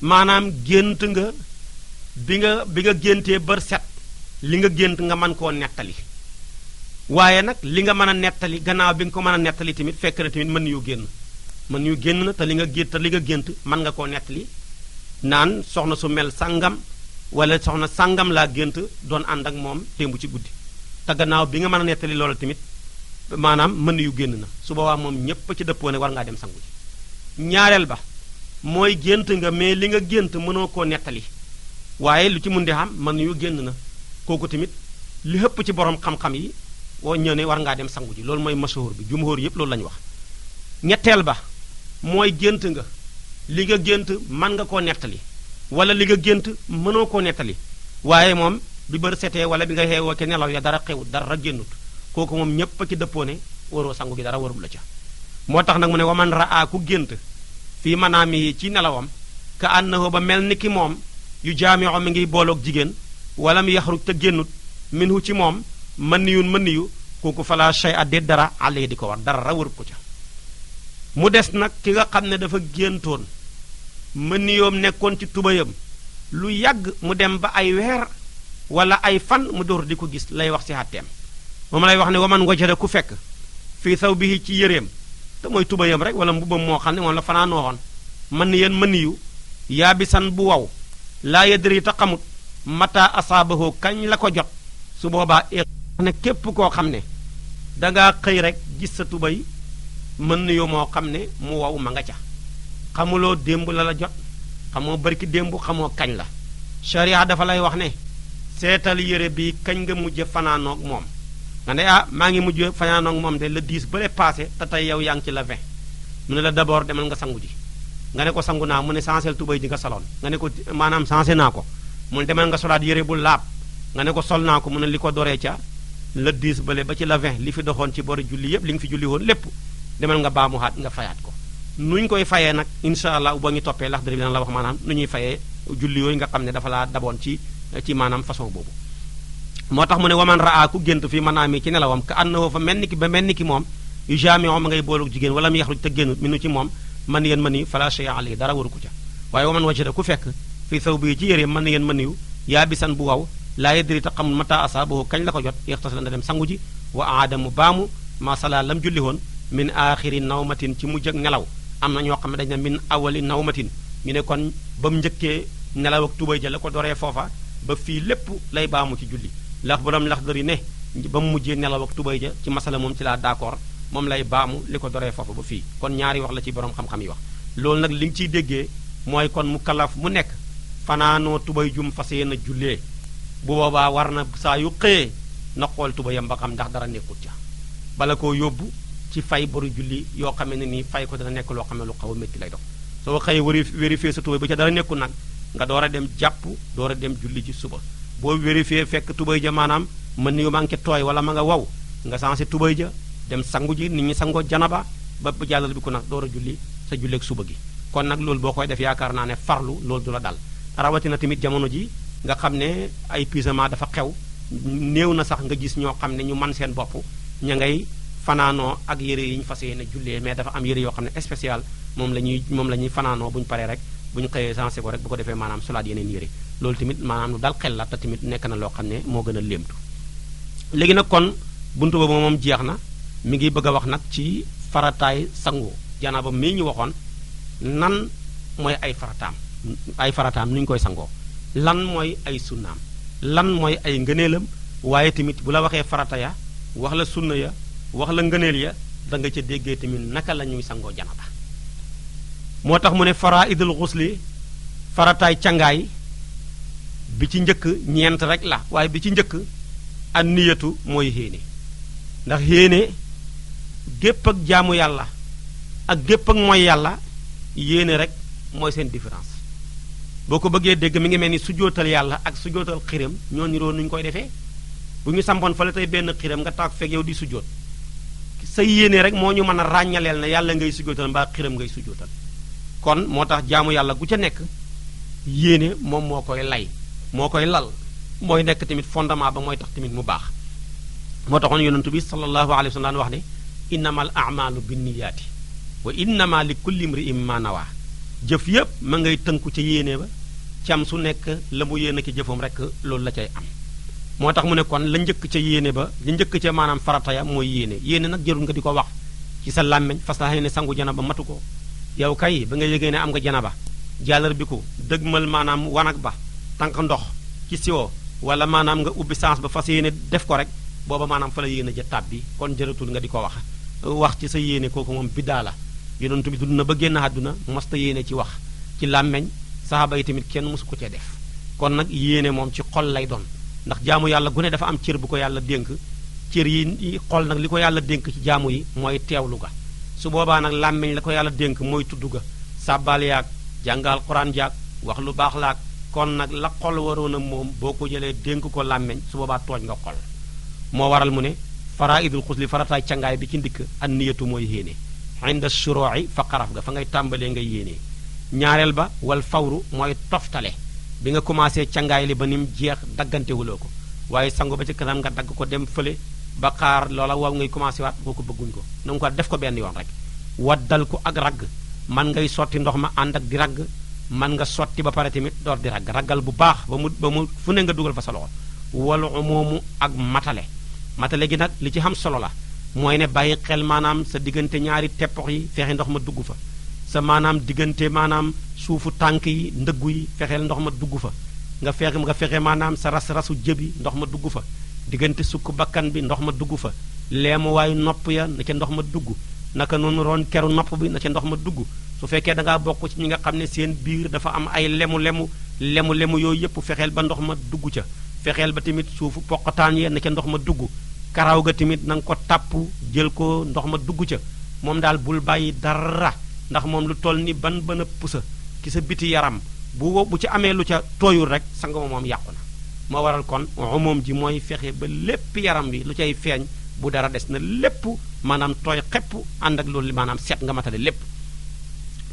maanaam gént nga bi nga bi nga géntee bër set li nga gént nga mën koo nettali waaye nag li nga mën a nettali gannaaw bi nga ko mën a nettali tamit fekk na tamit mën yu génn mën yu génn na te li nga gént te li nga gént mën koo nettali naan soxna su mel sàngam wala soxna sàngam laa gént doon ànd ak moom démb ci guddi te gannaaw bi nga mën a nettali loolu tamit maanaam mën yu génn na su boobaa moom ñépp ci dëppoo war ngaa dem sangu ji ñaareel ba mooy gént nga mais li nga gént mënoo koo nettali waaye lu ci mun di xam man yu génn na kooku tamit li hëpp ci borom xam-xam yi woo ñëw ne war ngaa dem sangu ji loolu mooy mashhur bi jumhur yëpp loolu la ñu wax ñetteel ba mooy gént nga li nga gént man nga koo nettali wala li nga gént mënoo koo nettali waaye moom bi bër setee wala bi nga xeewoo ke nelaw ya dara xewut dara génnut kooku moom ñépp a ci dëppoone waroo sangu gi dara warul la ca moo tax nag mu ne waman raa ku gént fii manaami yi ci nelawam ka ba mel ni moom yu jaamio mi ngiy boolook jigéen wala mu yaxruj te génnut minhu ci moom mën niyun mën niyu kooku fala shay adde dara àlle di ko war dara wër ko ca mu des nag ki nga xam ne dafa géntoon mën niyoom nekkoon ci tubayam lu yàgg mu dem ba ay weer wala ay fan mu door di ko gis lay wax ci àtteem ma lay wax ne waman wajada ku fekk fii saw bi ci yëreem te mooy tubéyam rek wala mbubam moo xam ne moom la fanaa nooxoon mën ni yéen mën niyu yaabisan bu waw laa yi te xamut mata asaabahu kañ la ko jot su boobaa ne képp koo xam ne dangaa xëy rek gis sa tubay mën na yow moo xam ne mu wow ma nga ca xamuloo démb la la jot xamoo barki démb xamoo kañ la sharia dafa lay wax ne seetal yére bi kañ nga mujj fanaanoog moom nga ne ah maa ngi mujj fanaanoog moom de le 10 bële paase te tey yow yaa ngi ci la 20 mu ne la d'abord demal nga sangu ji nga ne ko sangu naa mu ne sansel tubay ji nga saloon nga ne ko maanaam sansé naa ko mu ne demal nga solaat yére bu laab nga ne ko sol naa ko mu ne li ko doree ca le 10 bële ba ci le 20 li fi doxoon ci bori julli yépp li nga fi julli woon lépp demal nga baamuwaat nga fayaat ko nu ñu koy fayee nag incha allah boo ñu toppee lax dëri bi dana la wax maanaam nu ñuy fayee julli yooyu nga xam ne dafa laa daboon ci ci maanaam façon boobu moo tax mu ne waman raa fii manaami ci nelawam ka na woo fa mel ni ki ba mel ni ki moom yu jaamion ma wala mu yaxruj génn minu ci moom man yéen ma yu fala shay'a alayhi dara waru ko ca waaye waman wajada ku fekk fii saw bii ci yére man yéen mën yu yaa bisan bu waw laa yadri te xamul mata asaabahu kañ la ko jot yaxtasala na dem sangu ji wa aadamu baamu masala lam julli woon min aaxiri nawmatin ci mu ak nelaw am na ñoo xam ne dañ ne min awali nawmatin ñu ne kon ba mu njëkkee nelaw ak tubay ja la ko doree foofa ba fii lépp lay baamu ci julli lax borom lax dëri ne ba mu mujjee nelaw ak ja ci masala moom ci laa d'accord moom lay baamu li ko doree foofu ba fii kon ñaari wax la ci borom xam-xam yi wax loolu nag li nga ciy déggee mooy kon mu kalaf mu nekk fanaanoo tubay jum fas na jullee bu boobaa war na saa yu xëyee na xool tubayam ba xam ndax dara nekkul ca bala koo yóbbu ci fay boru julli yoo xam ne nii fay ko dana nekk loo xam ne lu xaw a métti lay dox soo xëyee wari vérifié sa tubay bi ca dara nekku nag nga door a dem jàpp doora dem julli ci suba boo vérifié fekk tubay ja mën na manqué tooy wala ma nga wow nga sensé tubay ja dem sangu ji nit ñi sangoo janaba ba bu jàllal bi ku nag door a julli sa julleeg suba gi kon nag loolu boo koy def yaakaar naa ne farlu loolu du la dal rawatina tamit jamono ji nga xam ne ay pyjama dafa xew néew na sax nga gis ñoo xam ne ñu man seen bopp ña ngay fanaanoo ak yére yi ñu fas yéene jullee mais dafa am yére yoo xam ne spécial moom la ñuy moom la ñuy fanaanoo bu ñu paree rek bu ñu xëyee sensé ko rek bu ko defee maanaam solaat yeneen yére loolu tamit maanaam lu dal la te nekk na loo xam ne moo gën a nag kon buntu boobu moom jeex na mi ngi bëgg a wax nag ci farataay sangu janaba mii ñu waxoon nan mooy ay farataam ay farataam ni ñu koy sangoo lan mooy ay sunnaam lan mooy ay ngëneelam waaye tamit bu la waxee farata ya wax la sunna ya wax la ngëneel ya danga nga ca déggee tamit naka la sangoo janaba moo tax mu ne faraidul xusli farataay cangaay bi ci njëkk ñeent rek la waaye bi ci njëkk an niyatu mooy héene ndax héene gépp ak jaamu yàlla ak gépp ak mooy yàlla yéene rek mooy seen difference boo ko bëggee dégg mi ngi mel ni sujootal yàlla ak sujootal xiram ñoo niroo nu koy defee bu ñu sampoon fale tey benn xiram nga taag fekk yow di sujoot sa yéene rek moo ñu mën a ràññaleel na yàlla ngay sujootal mbaa xiram ngay sujootal kon moo tax jaamu yàlla gu ca nekk yéene moom moo koy lay moo koy lal mooy nekk tamit fondement ba mooy tax tamit mu baax moo taxoon yonentu bi sallallahu alayhi wa sallam wax ne innamal amalu bi wa innama li kulli imri'in ma nawa jëf yépp ma ngay tënku ca yéene ba cam su nekk la mu yéene ci jëfam rek loolu la cay am moo tax mu ne kon la njëkk ca yéene ba la njëkk ca maanaam farata ya mooy yéene yéene nag jërul nga di ko wax ci sa làmmeñ fas la ne sangu ba matu ko yow kay ba nga yégee ne am nga janaba jàllar bi ko dëgmal maanaam wanag ba tànk ndox ci siwo wala maanaam nga ubbi sens ba fas yéene def ko rek booba maanaam fa la yéene ja tàbbi kon jëratul nga di ko wax wax ci sa yéene kooku moom biddaa la yonentu bi dund na ba génn àdduna masta yéene ci wax ci làmmeñ saxaaba yi tamit kenn mësu ko cee def kon nag yéene moom ci xol lay doon ndax jaamu yàlla gu ne dafa am cër bu ko yàlla dénk cër yi xol nag li ko yàlla dénk ci jaamu yi mooy teewlu ga su boobaa nag làmmiñ la ko yàlla dénk mooy tudd ga sàbbaal yaag jàngal xuraan jaag wax lu baax laag kon nag la xol waroon a moom boo ko jëlee dénk ko làmmeñ su boobaa tooñ nga xol moo waral mu ne faraidul xusli farataay cangaay bi ci ndikk an niyatu mooy yéene inda suroi fa xaraf ga fa ngay tàmbalee nga yéene ñaareel ba wal fawru mooy toftale bi nga commencé cangaay li ba ni mu jeex daggantewuloo ko waaye sangu ba ci kanam nga dagg ko dem fële ba xaar loola waaw ngay commencé waat boo ko bëgguñ ko na nga ko def ko benn yoon rek waddal ko ak ragg man ngay sotti ndox ma ànd ak di ragg man nga sotti ba pare tamit door di ragg raggal bu baax ba mu ba mu fu ne nga dugal fa sa loxo wal umumu ak matale matale gi nag li ci xam solo la mooy ne bàyyi xel maanaam sa diggante ñaari teppox yi fexe ndox ma dugg fa sa maanaam diggante maanaam suufu tànk yi ndëggu yi fexeel ndox ma dugg fa nga fexe nga fexe maanaam sa ras-rasu jëbi ndox ma dugg fa diggante sukk bakkan bi ndox ma dugg fa leemu waayu nopp ya na ca ndox ma dugg naka noonu roon keru nopp bi na ca ndox ma dugg su fekkee da ngaa bokk ci ñi nga xam ne seen biir dafa am ay lemu lemu lemu lemu yooyu yëpp fexeel ba ndox ma dugg ca fexeel ba tamit suufu poqotaan ya na ca ndox ma dugg karaw ga tamit na nga ko tàpp jël ko ndox ma dugg ca moom daal bul bàyyi dara ndax moom lu toll ni ban bën pusa ki sa biti yaram bu wow bu ci amee lu ca tooyul rek sangama moom yàqu na moo waral kon moom ji mooy fexe ba lépp yaram wi lu cay feeñ bu dara des na lépp maanaam tooy xepp ànd ak loolu maanaam set nga matale lépp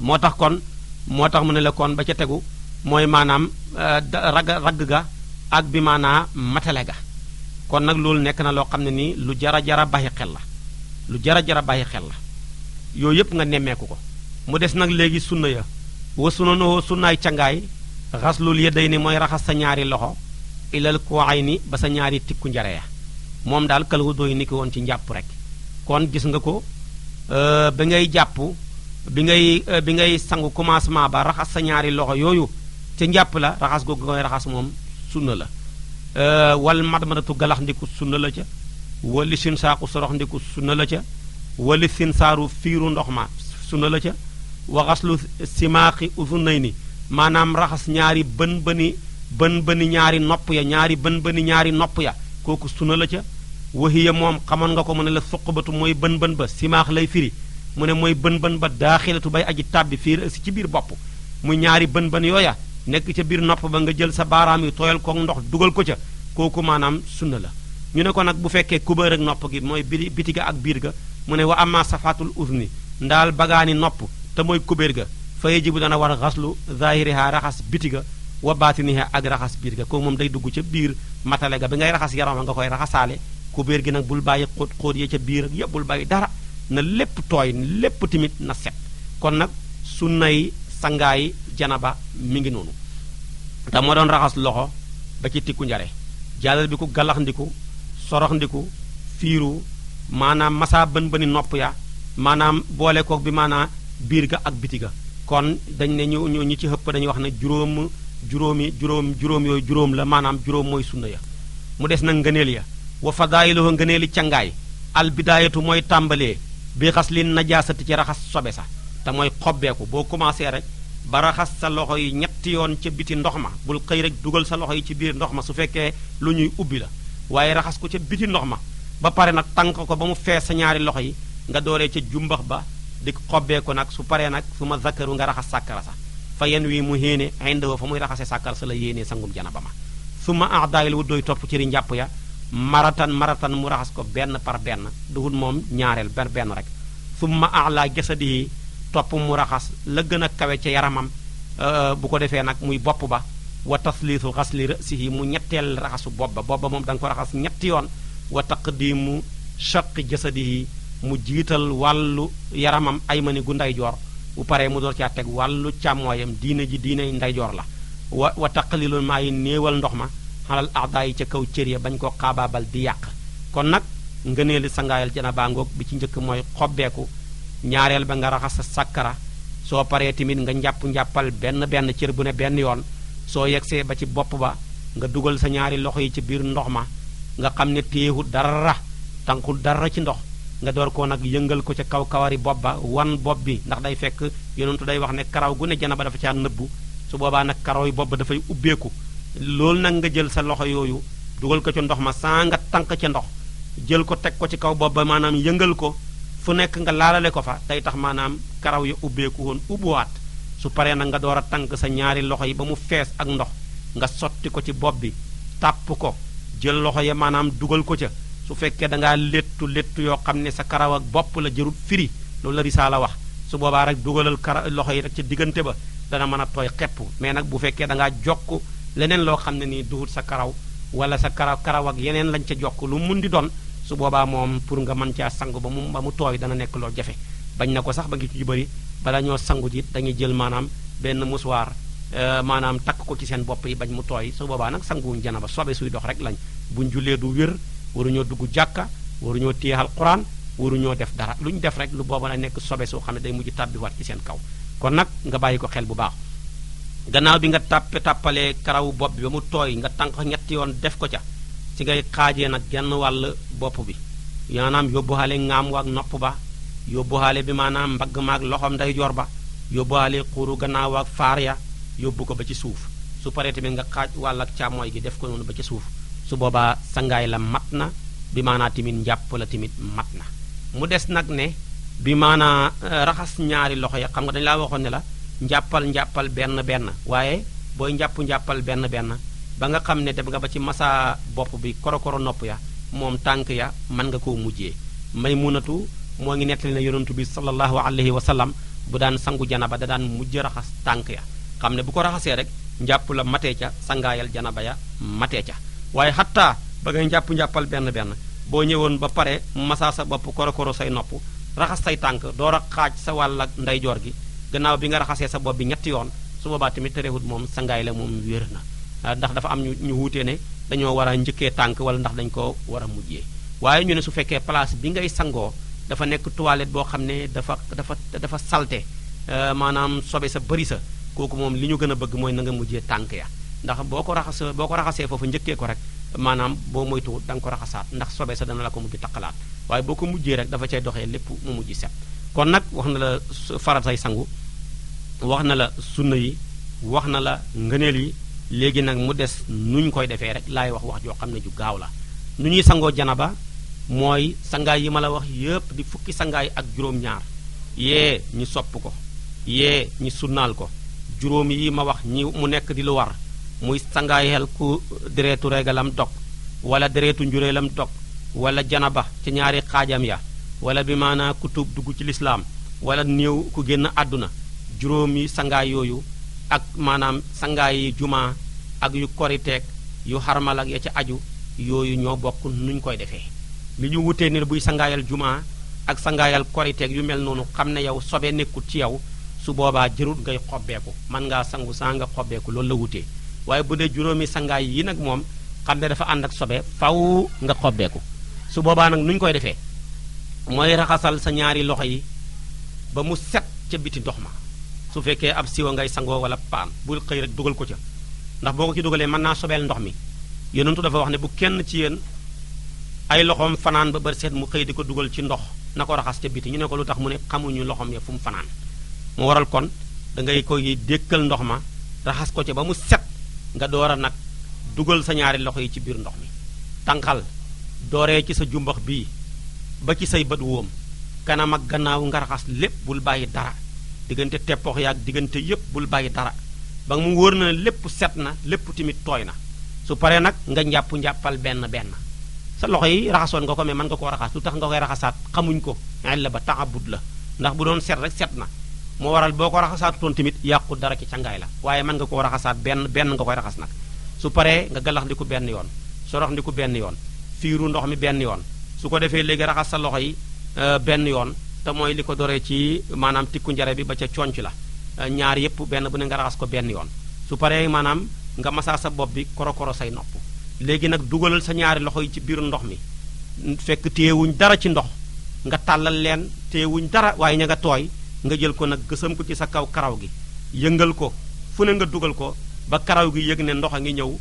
moo tax kon moo tax mu ne la kon ba ca tegu mooy maanaam euh, rag ragg ga ak bi maanaa matale ga kon nag loolu nekk na loo xam ne nii lu jara jara bàyyi xel la lu jara jara bàyyi xel la yooyu yëpp nga nemmeeku ko mu des nag léegi sunna ya wa sunanoo sunnaay cangaay xaslul yedday ni mooy raxas sa ñaari loxo ilal kuwaay ni ba sa ñaari tikku njare ya moom daal kalawu dooy ni woon ci njàpp rek kon gis nga ko euh, bi ngay jàpp bi ngay euh, bi ngay sangu commencement ba raxas sa ñaari loxo yooyu ci njàpp la raxas googu ngay raxas moom sunna la euh, wal madmadatu galax ndiku sunna la ca wali sin saaku sorox ndiku sunna la ca wali sin saaru fiiru ndox ma sunna la ca wa xaslu simaaqi uzunnay ni maanaam raxas ñaari bën bëni bën bëni ñaari nopp ya ñaari bën bëni ñaari nopp ya kooku sunna la ca wahiya moom xamoon nga ko mu ne la suqbatu mooy bën bën ba simaax lay firi mu ne mooy bën bën ba daaxilatu bay aji tàbbi fii ci biir bopp mu ñaari bën bën yooya nekk ca biir nopp ba nga jël sa baaraam yi tooyal ko ndox dugal ko ca kooku maanaam sunna la ñu ne ko nag bu fekkee kubéer ak nopp gi mooy bi biti ga ak biir ga mu ne wa amma safatul udni ndaal bagaani nopp te mooy kubéer ga fa bu dana war xaslu zahiriha raxas biti ga wa baatiniha ak raxas biir ga kooku moom day dugg ca biir matale ga bi ngay raxas yaram nga koy raxasaale kubéer gi nag bul bàyyi xóot xóot ya ca biir ak yëpp bul bàyyi dara na lépp tooy lépp na set kon nag sunnay jana ba mi ngi noonu te moo doon raxas loxo ba ci tikku njare jàllal bi ku galaxndiku soroxndiku fiiru maanaam masaa bën bëni nopp ya maanaam boole kook bi maanaam biir ga ak biti ga kon dañ ne ñu ñu ci xëpp dañuy wax ne juróom juróomi juróom juróom juróom la maanaam juróom mooy sunna ya mu des nag ngëneel ya wa fadaayiluhu ngëneeli cangaay al bidaayatu mooy tàmbalee bi xas li najaasati ci raxas sobe sa te mooy xobbeeku boo commencé rek ba raxas sa loxo yi ñetti yoon ca biti ndox ma bul xëy rek dugal sa loxo yi ci biir ndox ma su fekkee lu ñuy ubbi la waaye raxas ko ca biti ndox ma ba pare nag tànk ko ba mu fees sa ñaari loxo yi nga dooree ca jumbax ba di xobbee ko nag su paree nag su ma zakkaru nga raxas sàkkara sa fa yen wi mu héene indahu fa muy raxase sàkkara sa la yéenee sangum janaba ma su ma ahdaayil wu doy topp ci ri njàpp ya maratan maratan mu raxas ko benn par benn duhul moom ñaareel ber benn rek summa ala jasadihi topp mu raxas la gën a kawe ca yaramam euh, bu ko defee nag muy bopp ba wa tasliisu xasli rasihi mu ñetteel raxasu bopp ba bopp ba moom danga ko raxas ñetti yoon wa taqdiimu shaqi jasadihi mu jiital wàllu yaramam ay mani gu ndeyjoor bu paree mu door caa teg wàllu càmmooyam diine ji diiney ndeyjoor la wa wa taqlilul maa yi néewal ndox ma xalal aada yi ca kaw cër ya bañ koo xaabaabal di yàq kon nag ngëneeli sangaayal jana baangoog bi ci njëkk mooy xobbeeku ñaareel ba nga raxas sa sàkkara soo paree tamit nga njàpp njàppal benn benn cër bu ne benn yoon soo yegsee ba ci bopp ba nga dugal sa ñaari loxo yi ci biir ndox ma nga xam ne téyewul dara tànkul dara ci ndox nga door koo nag yëngal ko ca kaw kawari bopp ba wan bopp bi ndax day fekk yonentu day wax ne karaw gu ne janaba dafa caa nëbbu su boobaa nag karaw yi bopp ba dafay ubbeeku loolu nag nga jël sa loxo yooyu dugal ko ca ndox ma saa nga tànk ca ndox jël ko teg ko ci kaw bopp ba maanaam yëngal ko fu nekk nga laalale ko fa tey tax maanaam karaw ya ubbeeku woon ubbuwaat su paree nag nga door a tànk sa ñaari loxo yi ba mu fees ak ndox nga sotti ko ci bopp bi tàpp ko jël loxo ya maanaam dugal ko ca su fekkee dangaa léttu léttu yoo xam ne sa karaw ak bopp la jërut firi loolu la risaala wax su boobaa rek dugalal kara loxo yi rek ca diggante ba dana mën a tooy xepp mais nag bu fekkee dangaa jokk leneen loo xam ne nii duhut sa karaw wala sa karaw ak yeneen lañ ca jokk lu mun di doon su boobaa moom pour nga mën caa sangu ba mu ba mu tooy dana nekk loo jafe bañ na ko sax ba ngi ci bëri bala ñoo sangu ji dañuy jël maanaam benn musuwaar euh, maanaam takk ko ci seen bopp yi bañ mu tooy su boobaa nag sanguwuñ janaba sobe suy dox rek lañ buñ jullee du wér waruñoo dugg jàkka waruñoo téexal quran waruñoo def dara lu def rek lu booba na nekk sobe soo xam ne day mujj tàbbiwaat ci seen kaw kon nag nga bàyyi ko xel bu baax gannaaw bi nga tàppe tàppalee karawu bopp bi ba mu tooy nga tànq ñetti yoon def ko ca ci ngay xaajee nag genn wàll bopp bi maanaam yóbbuwaale ŋaam waak nopp ba yóbbuwaale bi maanaam mbagg maak loxoom nday jor ba yóbbuwaale xuuru gannaaw ak faar ya yóbbu ko ba ci suuf su paree tamit nga xaaj wàll ak càmmooy gi def ko noonu ba ci suuf su boobaa sangaay la mat na bi maanaa tamit njàpp la tamit mat na mu des nag ne bi maanaa eh, raxas ñaari loxo ya xam nga dañu laa waxoon ne la njàppal njàppal benn benn waaye booy njàpp njàppal benn benn ba nga xam ne dem nga ba ci massa bopp bi koro koro nopp ya moom tànk ya mën nga koo mujjee munatu moo ngi nettali na yonantu bi sallallahu alayhi wa sallam bu daan sangu janaba da daan mujj raxas tànk ya xam ne bu ko raxasee rek njàpp la mate ca sangaayal janaba ya matee ca waaye xattaa ba ngay njàpp-njàppal benn benn boo ñëwoon ba pare massa sa bopp korokoro say nopp raxas say tànk door a xaaj sa wàll ak ndeyjoor gi gannaaw bi nga raxasee sa bopp bi ñetti yoon su boobaa tamit terewut moom sangaay la moom wér na Ah, ndax dafa am ñu ñu wuutee ne dañoo war a njëkkee tànk wala ndax dañ ko war a mujjee waaye ñu ne su fekkee place bi ngay sangoo dafa nekk toilette boo xam ne dafa dafa dafa salte euh, maanaam sobe sa bëri sa kooku moom li ñu gën a bëgg mooy na nga mujjee tànk ya ndax boo ko raxas boo ko raxasee foofu njëkkee ko rek maanaam boo moytu da nga ko raxasaat ndax sobe sa dana la ko mujj taqalaat waaye boo ko mujjee rek dafa cay doxee lépp mu mujj set kon nag wax na la faratay sangu wax na la sunna yi wax na la ngëneel yi léegi nag mu des nuñ koy defee rek laay wax wax joo xam ne ju gaaw la nu ñuy sangoo janaba mooy sangaay yi ma la wax yépp di fukki sangaay ak juróom-ñaar yee ñu sopp ko yee ñu sunnaal ko juróom yi ma wax ñi mu nekk di lu war muy sangaayel ku dereetu regalam dog wala dereetu njureelam dog wala janaba ci ñaari xaajam ya wala bi maanaa ku tuub dugg ci lislaam wala néew ku génn àdduna juróom yi sangaay yooyu ak maanaam sangaay jumaa ak yu koriteeg yu xarmal ak ya ca aju yooyu ñoo bokk nuñ koy defee li ñu wutee ni buy sangaayal jumaa ak sangaayal koriteeg yu mel noonu xam ne yow sobe nekkul ci yow su boobaa jërul ngay xobbeeku mën ngaa sangu saa nga xobbeeku loolu la wutee waaye bu dee juróomi sangaay yi nag moom xam ne dafa ànd ak sobe faw nga xobbeeku su boobaa nag nuñ koy defee mooy raxasal sa ñaari loxo yi ba mu set ca biti ndox ma su fekkee ab siwa ngay sangoo wala paan bul xëy rek dugal ko ca ndax boo ko ci dugalee mën naa sobeel ndox mi yonentu dafa wax ne bu kenn ci yéen ay loxoom fanaan ba bari seet mu xëy di ko dugal ci ndox na ko raxas ca biti ñu ne ko lu tax mu ne xamuñu loxoom ya fu mu fanaan mu waral kon dangay koy dékkal ndox ma raxas ko ca ba mu set nga door a nag dugal sa ñaari loxo yi ci biir ndox mi tànqal dooree ci sa jumbax bii ba ci say bët woom kanam ak gannaaw nga raxas lépp bul bàyyi dara diggante teppoox yaag diggante yëpp bul bàyyi dara ba mu wóor na lépp set na lépp tamit tooy na su paree nag nga njàpp njàppal benn benn sa loxo yi raxasoon nga ko mais mën nga koo raxas lu tax nga koy raxasaat xamuñ ko illa ba taabud la ndax bu doon set rek set na moo waral boo ko raxasaatutoon tamit yàqu dara ci cangaay la waaye mën nga koo raxasaat benn benn nga koy raxas nag su paree nga galax ndiku benn yoon sorox ndiku benn yoon fiiru ndox mi benn yoon su ko defee léegi raxas sa loxo yi euh, benn yoon te mooy li ko doree ci maanaam tikku njare bi ba ca conc la eh, ñaar yépp benn bu ne nga raxas ko benn yoon su paree maanaam nga masaa sa bopp bi korokoro say nopp léegi nag dugalal sa ñaari loxo yi ci biir ndox mi fekk téyewuñ dara ci ndox nga tàllal leen téyewuñ dara waaye ña nga tooy nga jël ko nag gësëm ko ci sa kaw karaw gi yëngal ko fu ne nga dugal ko ba karaw gi yëg ne ndox a ngi ñëw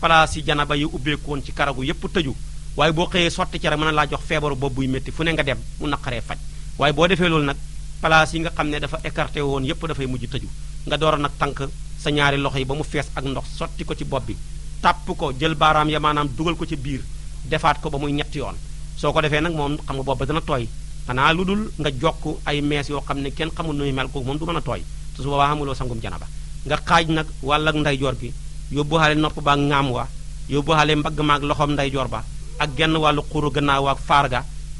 place yi janaba yi ubbeekoon ci karaw gi yépp tëju waaye boo xëyee sotti ci rek mën laa jox feebaru bopp buy métti fu nga dem mu naqaree faj waaye boo defee loolu nag place yi nga xam ne dafa écarté woon yépp dafay mujj tëju nga door nag tànk sa ñaari loxo yi ba mu fees ak ndox sotti ko ci bopp bi tàpp ko jël baaraam ya maanaam dugal ko ci biir defaat ko ba muy ñetti yoon soo ko defee nag moom xam nga bopp ba dana tooy xanaa lu dul nga jokk ay mees yoo xam ne kenn xamul nuy mel ko moom du mën a tooy te su boobaa xamuloo jana janaba nga xaaj nag wàll ak ndeyjoor gi yóbbuwaale nopp ba ak ŋaam wa yóbbuwaale mbagg ma ak loxoom ba ak genn wàllu xuru gannaaw ak faar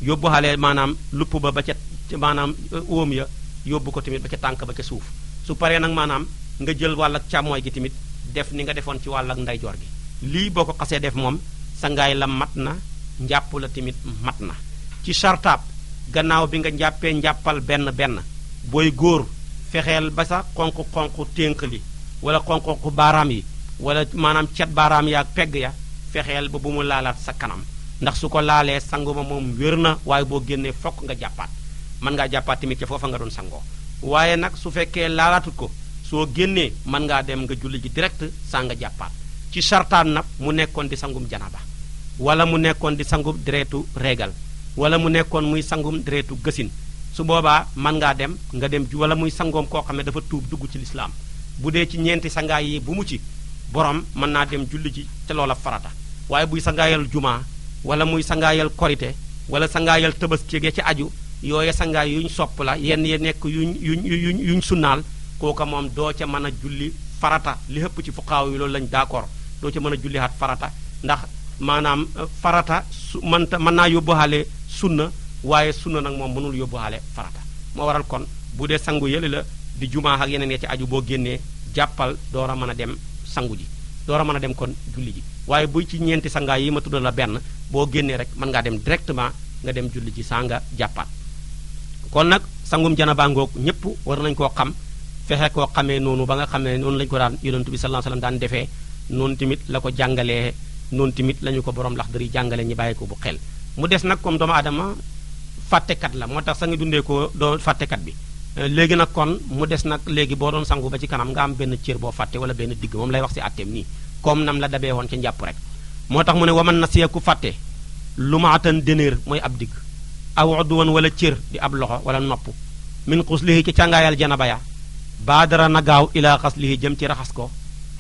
yóbbu xale maanaam lupp ba ba ca maanaam euh, óom ya yóbbu ko tamit ba ca tànk ba ca suuf su paree nag maanaam nga jël wàll ak càmmooy gi tamit def ni nga defoon ci wàll ak ndeyjoor gi lii boo ko xasee def moom sangaay la mat na njàpp la tamit mat na ci sartaab gannaaw bi nga jàppee njàppal benn benn booy góor fexeel ba sa xonq-xonq ténk li wala xonq-xonq baaraam yi wala maanaam cet baaraam ya pegg ya fexeel ba bu mu laalaat sa kanam ndax su ko laalee sanguma ma moom wér na waaye boo génnee fokk nga jàppaat mën ngaa jàppaat tamit ca foofa nga doon sangoo waaye nag su fekkee laalaatut ko soo génnee mën ngaa dem nga julli ji direct saa nga jàppaat ci sartaan nag mu nekkoon di sangum ba wala mu nekkoon di sangum deretu reegal wala mu nekkoon muy sangum deretu gësin su boobaa man ngaa dem nga dem ju wala muy sangoom koo xam ne dafa tuub dugg ci lislaam bu dee ci ñeenti sangaay yi bu mu ci borom mën naa dem julli ji ca loola farata waaye buy sangaayal jumaa wala muy sangaayal korite wala sangaayal tabaski ga ci aju yooya sangaay yuñ sopp la yenn ya nekk yuñ yuñ yuñ yuñ sunnaal kooka moom doo ca mën a julli farata li ëpp ci fuqaaw yi loolu lañ d'accord doo ca mën a jullihaat farata ndax maanaam euh, farata su mënta mën naa yóbbuwaale sunna waaye sunna nag moom mënul yóbbu yóbbuwaale farata moo waral kon bu dee sangu yële la di jumaa ak yeneen ya ci aju boo génnee jàppal door a mën a dem sangu ji door a mën a dem kon julli ji waaye buy ci ñeenti sangaay yi ma tuddal la benn boo génnee rek mën ngaa dem directement nga dem julli ci saa nga jàppaat kon nag sangum janaba ngoog ñëpp war nañ koo xam fexe koo xamee noonu ba nga xam ne noonu lañu ko daan yonentu bi sallallahu alayhi daan defee noonu tamit la ko jàngalee noonu tamit la ko borom lax dari jàngale ñi bàyyi ko bu xel mu des nag comme doomu aadama fàttekat la moo tax sa ngi dundee ko doo fàttekat bi euh, léegi nag kon mu des nag léegi boo doon sangu ba ci kanam nga am benn cër boo fàtte benn digg moom lay wax si atteem nii comme nam la dabee woon ca njàpp rek moo tax mu ne waman nasiya ku fàtte lu ma maatan dénéer mooy ab digg aw woon wala cër di ab loxo wala nopp min xuslihi ci càngaayal janaba ya dara na gaaw ilaa xaslihi jëm ci raxas ko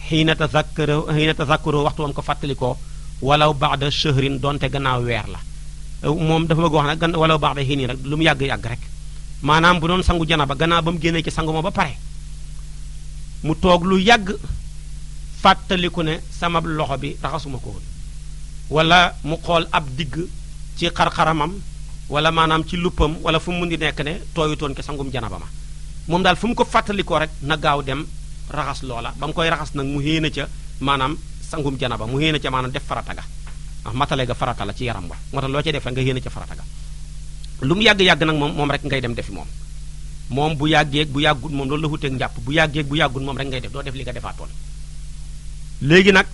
xiina tazakkaro xiina tazakkaro waxtu woon ko fàttalikoo walaw baada shahrin donte gannaaw weer la moom dafa bëgg wax nag gan walaw baada xiin rek lu mu yàgg-yàgg rek maanaam bu doon sangu janaba gannaaw ba mu génnee ci sangu ma ba pare mu toog lu yàgg fàttaliku ne sama loxo bi raxasuma ko wala mu xool ab digg ci xar-xaramam wala maanaam ci luppam wala fu mu mun di nekk ne tooyutoon ke sangum janaba ma moom daal fu mu ko fàttalikoo rek na gaaw dem raxas loola ba mu koy raxas nag mu héena ca maanaam sangum janaba mu héena ca maanaam def farata ga ndax matale ga farata la ci yaram wa moo loo ca def rek nga héena ca farata ga lu mu yàgg-yàgg nag moom moom rek ngay dem defi moom moom bu yàggeeg bu yàggut moom loolu la wuteeg njàpp bu yàggee bu yàggut moom rek ngay def doo li nga defaatoon nag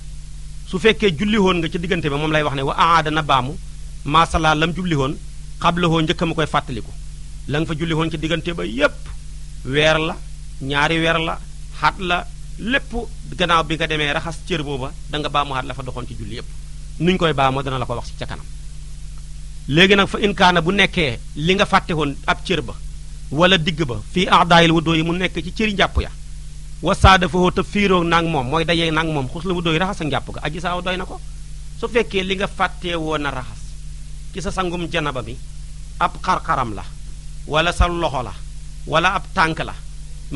su fekkee julli woon nga ca diggante bi moom lay wax ne wa aada na baamu maasala lam julli woon xablahoo njëkk ma koy fàttaliku la nga fa julli woon ci diggante ba yépp weer la ñaari weer la xat la lépp gannaaw bi nga demee raxas cër booba danga nga baamu xat la fa doxoon ci julli yépp nuñ koy baamoo dana la ko wax ci ca kanam léegi nag fa inkaana bu nekkee li nga fàtte woon ab cër ba wala digg ba fii aadaayil wuddoo yi mu nekk ci cëri njàpp ya wasaa dafa woo te fiiroog nag moom mooy dajee nag moom xus la mu doy raxas ak njàpp ga a saaw doy na ko su fekkee li nga fàtte woon a raxas ci sa sangum janaba bi ab xar la wala sa loxo la wala ab tànk la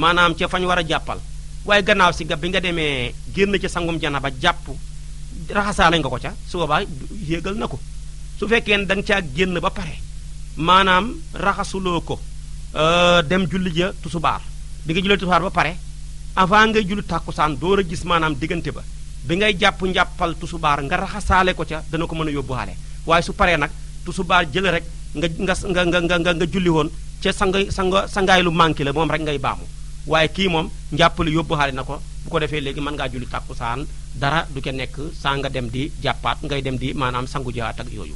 maanaam ca fañ war a jàppal waaye gannaaw si nga bi nga demee génn ca sangum janaba jàpp raxasaale nga ko ca su boobaa yéegal na ko su fekkee ne da nga caa génn ba pare maanaam raxasuloo ko euh, dem julli ja tusubaar bi nga jullee tusubaar ba pare avant ngay julli tàkkusaan door a gis maanaam diggante ba bi ngay jàpp njàppal tusubaar nga raxasaale ko ca dana ko mën a yóbbuwaale waaye su paree nag tusubaar jële rek nga nga nga nga julli woon ca sanga sanga sangaay lu manqué la moom rek ngay baamu waaye kii moom njàppali yóbbuwaale na ko bu ko defee léegi mën ngaa julli tàkkusaan dara du ca nekk saa nga dem di jàppaat ngay dem di maanaam sangu jaat ak yooyu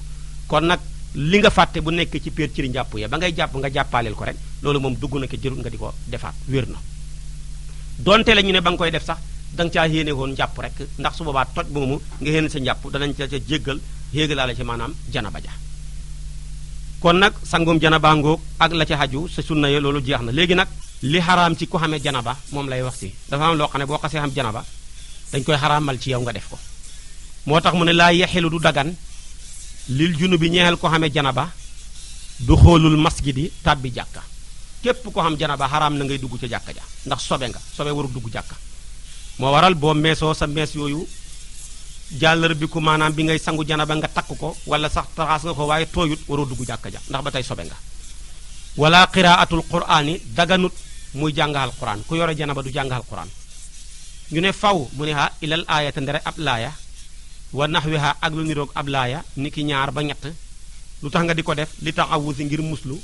kon nag li nga fàtte bu nekk ci péer ciri njàpp ya ba ngay jàpp nga jàppaaleel ko rek loolu moom dugg na ko jërul nga di ko defaat wér na donte la ñu ne ba nga koy def sax danga nga caa yéene woon njàpp rek ndax su boobaa toj moomu nga yéene sa njàpp danañ ca ca jéggal yéegalaale ci maanaam janaba ja kon nag sangum janaba ngoog ak la ca xaju sa sunna ye loolu jeex na léegi nag li xaraam ci ku xamee janaba moom lay wax si dafa am loo xam ne boo xasee xam janaba dañ koy xaraamal ci yow nga def ko moo tax mu ne laa yexilu du dagan lil junu bi ñeexel ko xamee janaba du xoolul masjidi tàbbi jàkka képp ko xam janaba xaraam na ngay dugg ca jàkka ja ndax sobe nga sobe warul dugg jàkka moo waral boo meesoo sa mees yooyu jàllar ku maanaam bi ngay sangu janaba nga takk ko wala sax taxaas nga ko waaye tooyut waroo dugg jàkka ja ndax ba tey sobe nga wala qiraatul quraani daganut muy jàngaxal quraan ku yore janaba du jàngaxal quraan ñu ne faw mu ne xa ilal aaya te ndere ab laaya wa naxwiha ak lu niroog ab laaya niki ñaar ba ñett lu tax di ko def li tax awusi ngir muslu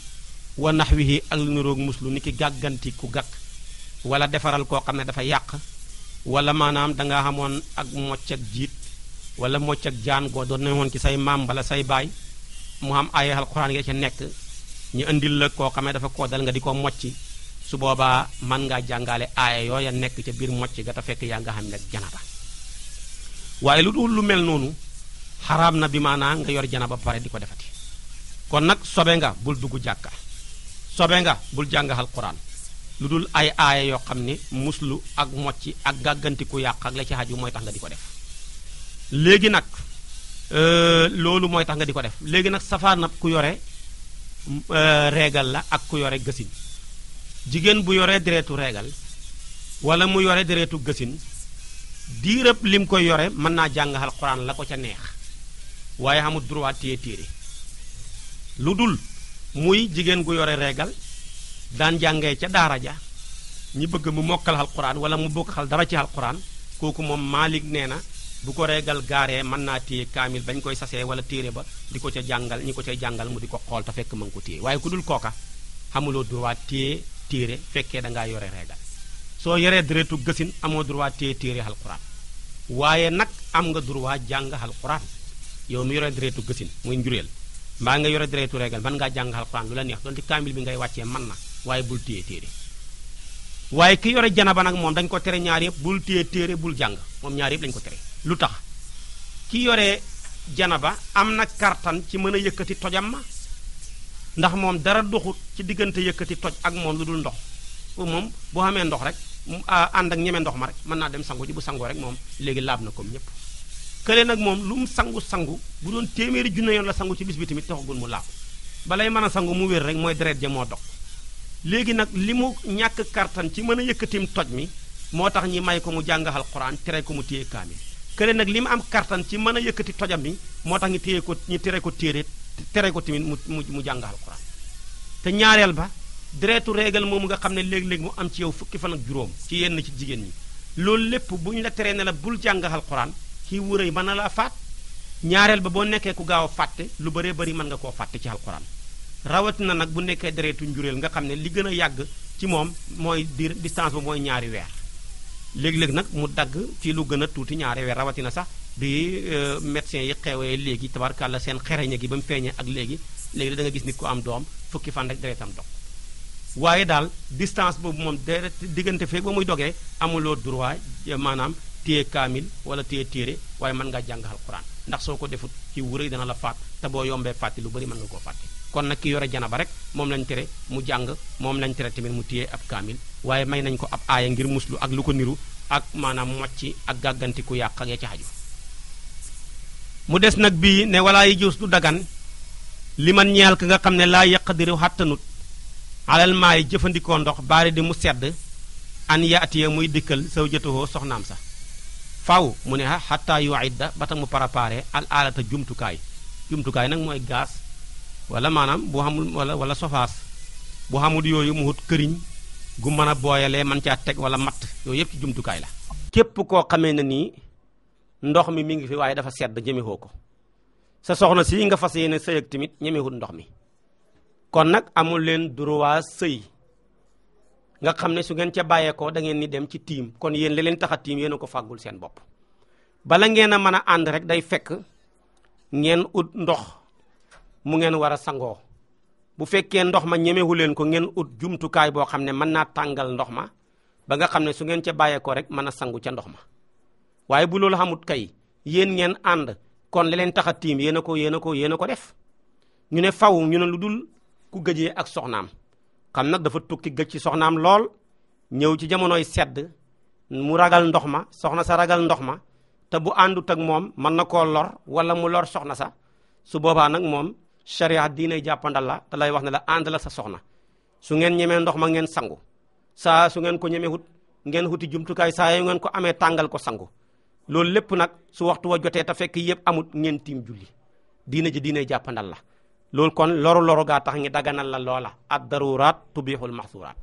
wa naxwihi ak lu niroog muslu ni ki gàgganti ku gàkk wala defaral koo xam ne dafa yàq wala maanaam danga xamoon ak mocc ak jiit wala mocc ak jaan goo doon nañu ci say maam wala say baay mu am ay alxuraan nga ca nekk ñu indil la koo xam ne dafa koo dal nga di ko mocci su boobaa mën ngaa jàngale aaya yooya nekk ca biir mocc ga te fekk yaa nga xam ne janaba waaye lu dul lu mel noonu xaraam na bi maanaa nga yor janaba ba pare di ko defati kon nag sobe nga bul dugg jàkka sobe nga bul jàngaxal quran lu dul ay aaya yoo xam ni muslu ak mocc ak gàggantiku yàq ak la ci xaju mooy tax nga di ko def léegi nag euh, loolu mooy tax nga di ko def léegi nag safaanab ku yore euh, reegal la ak ku yore gësin jigéen bu yore deretu reegal wala mu yore deretu gësin diirëb lim koy yore mën naa jàngaxal quran la ko ca neex waaye amul droit téye lu dul muy jigéen gu yore reegal daan jàngee ca daara ja ñi bëgg mu mokkal alquran wala mu bokk xal dara ci alquran kooku moom Malik nee na bu ko reegal gaaree mën naa téye kaamil bañ koy sasee wala téere ba di ko ca jàngal ñi ko cay jàngal mu di ko xool te fekk ma ko téye waaye ku dul kooka amuloo droit tée téere fekkee dangaa yore reegal soo yoree deretu gësin amoo droit téye téere alquran waaye nag am nga droit jàng alquran yow mi yore deretu gësin muy njureel mbaa nga yore deretu regal man ngaa jàng alxuraan lu la neex donte kaamil bi ngay wàccee man na waaye bul téye téere waaye ki yore janaba nag moom dañ ko tere ñaar yëpp bul téye téere bul jàng moom ñaar yëpp ko tere lu tax ki yore jana ba am na kartan ci mën a yëkkati tojam ma ndax moom dara doxut ci diggante yëkkati toj ak moom lu dul ndox moom boo amee ndox rek ah, ànd ak ñeme ndox ma rek mën naa dem sangu ji bu sangoo rek moom léegi laab na comme ñëpp kële nag moom lu mu sangu-sangu bu doon téeméeri junne yoon la sangu ci bis bi tamit taxagul mu laab balay mën a sangu mu wér rek mooy deret ja moo dog léegi nag li mu ñàkk kartan ci mën a yëkkatim toj mi moo tax ñi may ko mu jàngaxal xuraan tere ko mu téye kaamil kële nag li mu am kartan ci mën a yëkkati tojam mi moo tax ñu téye ko ñu tere ko téere tere ko tamit mu mu jàngaxal xuraan te ñaareel ba deretu réegal moomu nga xam ne léeg-léeg mu am ci fukki fan ak juróom ci yenn ci jigéen ñi loolu lépp bu ñu la teree ne la bul jàngaxal xuraan kii wu yi mën na laa faat ñaareel ba boo nekkee ku gaaw a fàtte lu bëree bari mën nga koo fàtte ci alxuraan rawatina nag bu nekkee deretu njureel nga xam ne li gën a yàgg ci moom mooy diir distance ba mooy ñaari weer léegi-léegi nag mu dagg ci lu gën a tuuti ñaari weer rawatina sax bi euh, médecins yi xewee léegi tabarkàlla seen xereñe gi ba mu feeñee ak léegi léegi da gis nit ko am doom fukki fan rek deretam dog waaye daal distance boobu moom deret diggante feeg ba muy dogee amuloo droit maanaam téye kaamil wala téye téere waaye mën ngaa jàng alquran ndax soo ko defut ci wuré dana la faat te boo yombee fàtte lu bari mën nga koo fàtte kon nag ki yore janaba rek moom lañ tere mu jàng moom lañ tere tamit mu téye ab kaamil waaye may nañ ko ab aaya ngir muslu ak lu ko niru ak maanaam mocci ak gàgganti yàq ak ya ci xaju mu des nag bii ne walaa yi jus du dagan li man ñeel ka nga xam ne laa yaqdiru xàttanut alal maay jëfandikoo ndox baari di mu sedd an yaatiya muy dikkal saw jëtahoo soxnaam sa faw mu ne ah xataa yu idda ba tax mu al alata jumtukaay jumtukaay nag mooy gaz wala maanaam bu xamul wala wala sofaas bu xamul yooyu mu wut këriñ gu mën a booyalee man caa teg wala matt yooyu yëpp ci jumtukaay la. képp koo xamee na nii ndox mi mu ngi fi waaye dafa sedd ñemewoo ko sa soxna si nga fas yéene sëy ak tamit ñemewut ndox mi kon nag amul leen droit sëy. nga xam ne su ngeen ca bàyyeekoo da ngeen ni dem ci tiim kon yéen li leen tax a tiim yéen ko fàggul seen bopp bala ngeen a mën a ànd rek day fekk ngeen ut ndox mu ngeen war a sangoo bu fekkee ndox ma ñemewu leen ko ngeen ut jumtukaay boo xam ne mën naa tàngal ndox ma ba nga xam ne su ngeen ca bàyyeekoo rek mën a sangu ca ndox ma waaye bu loolu xamut kay yéen ngeen ànd kon li leen tax tiim yéen a ko yéen a ko yéen a ko def ñu ne faw ñu ne lu dul ku gëjee ak soxnaam xam nag dafa tukki gëj ci soxnaam lool ñëw ci jamonoy sedd mu ragal ndox ma soxna sa ragal ndox ma te bu àndut ak moom mën na koo lor wala mu lor soxna sa su boobaa nag moom sharia diinay jàppandal la te wax ne la ànd sa soxna su ngeen ñemee ndox ma ngeen sangu saa su ngeen ko ñemee hut ngeen huti jumtukaay saa yu ngeen ko amee tàngal ko sangu loolu lépp nag su waxtu wa jotee te fekk yëpp amut ngeen tiim julli diina ji diinay jàppandal la loolu kon loru loru gaa tax ñi daganal la loola ad daruraat tubixul maxsuraat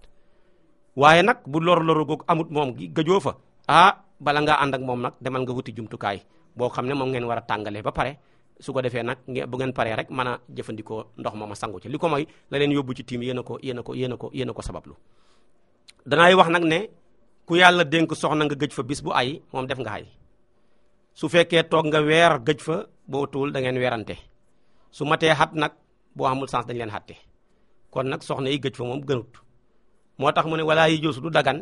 waaye nag bu loru loru googu amut moom gi gëjoo fa ah bala nga ànd ak moom nag demal nga wuti jumtukaay boo xam ne moom ngeen war a tàngalee ba pare su ko defee nag bu ngeen paree rek mën a jëfandikoo ndox mooma sangu ci li ko mooy la leen yóbbu ci tiim yéen ko yéen ko yéen ko yéen ko sabablu danaay wax nag ne ku yàlla dénk soxna nga gëj fa bis bu ay moom def nga ay su fekkee toog nga weer gëj fa boo tuul da ngeen weerante su matee xat nag boo amul sens dañ leen xatte kon nag soxna yi gëj fa moom gënut moo tax mu ne walaa yi joosu du dagan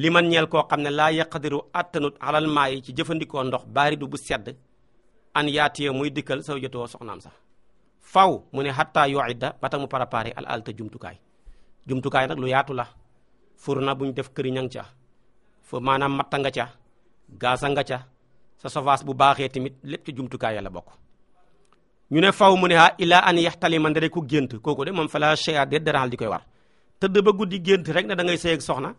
li man ñeel koo xam ne laa yaqadiru attanut alal maa yi ci jëfandikoo ndox baari du bu sedd an yaatiye muy dikkal saw jotoo soxnaam sax faw mu ne xattaa yoo idda ba tax mu préparé al alta jumtukaay jumtukaay nag lu yaatu la fur na buñ def këriña nga ca fu maanaam matta nga ca gaasa nga ca sa sofaas bu baaxee tamit lépp ci jumtukaay ya la bokk ñu ne faw mu ne ha illa an yaxtalima ndere ku gént kooku de moom fala shay'a de daraal di koy war tëdd ba guddi gént rek ne da ngay sëy ak soxna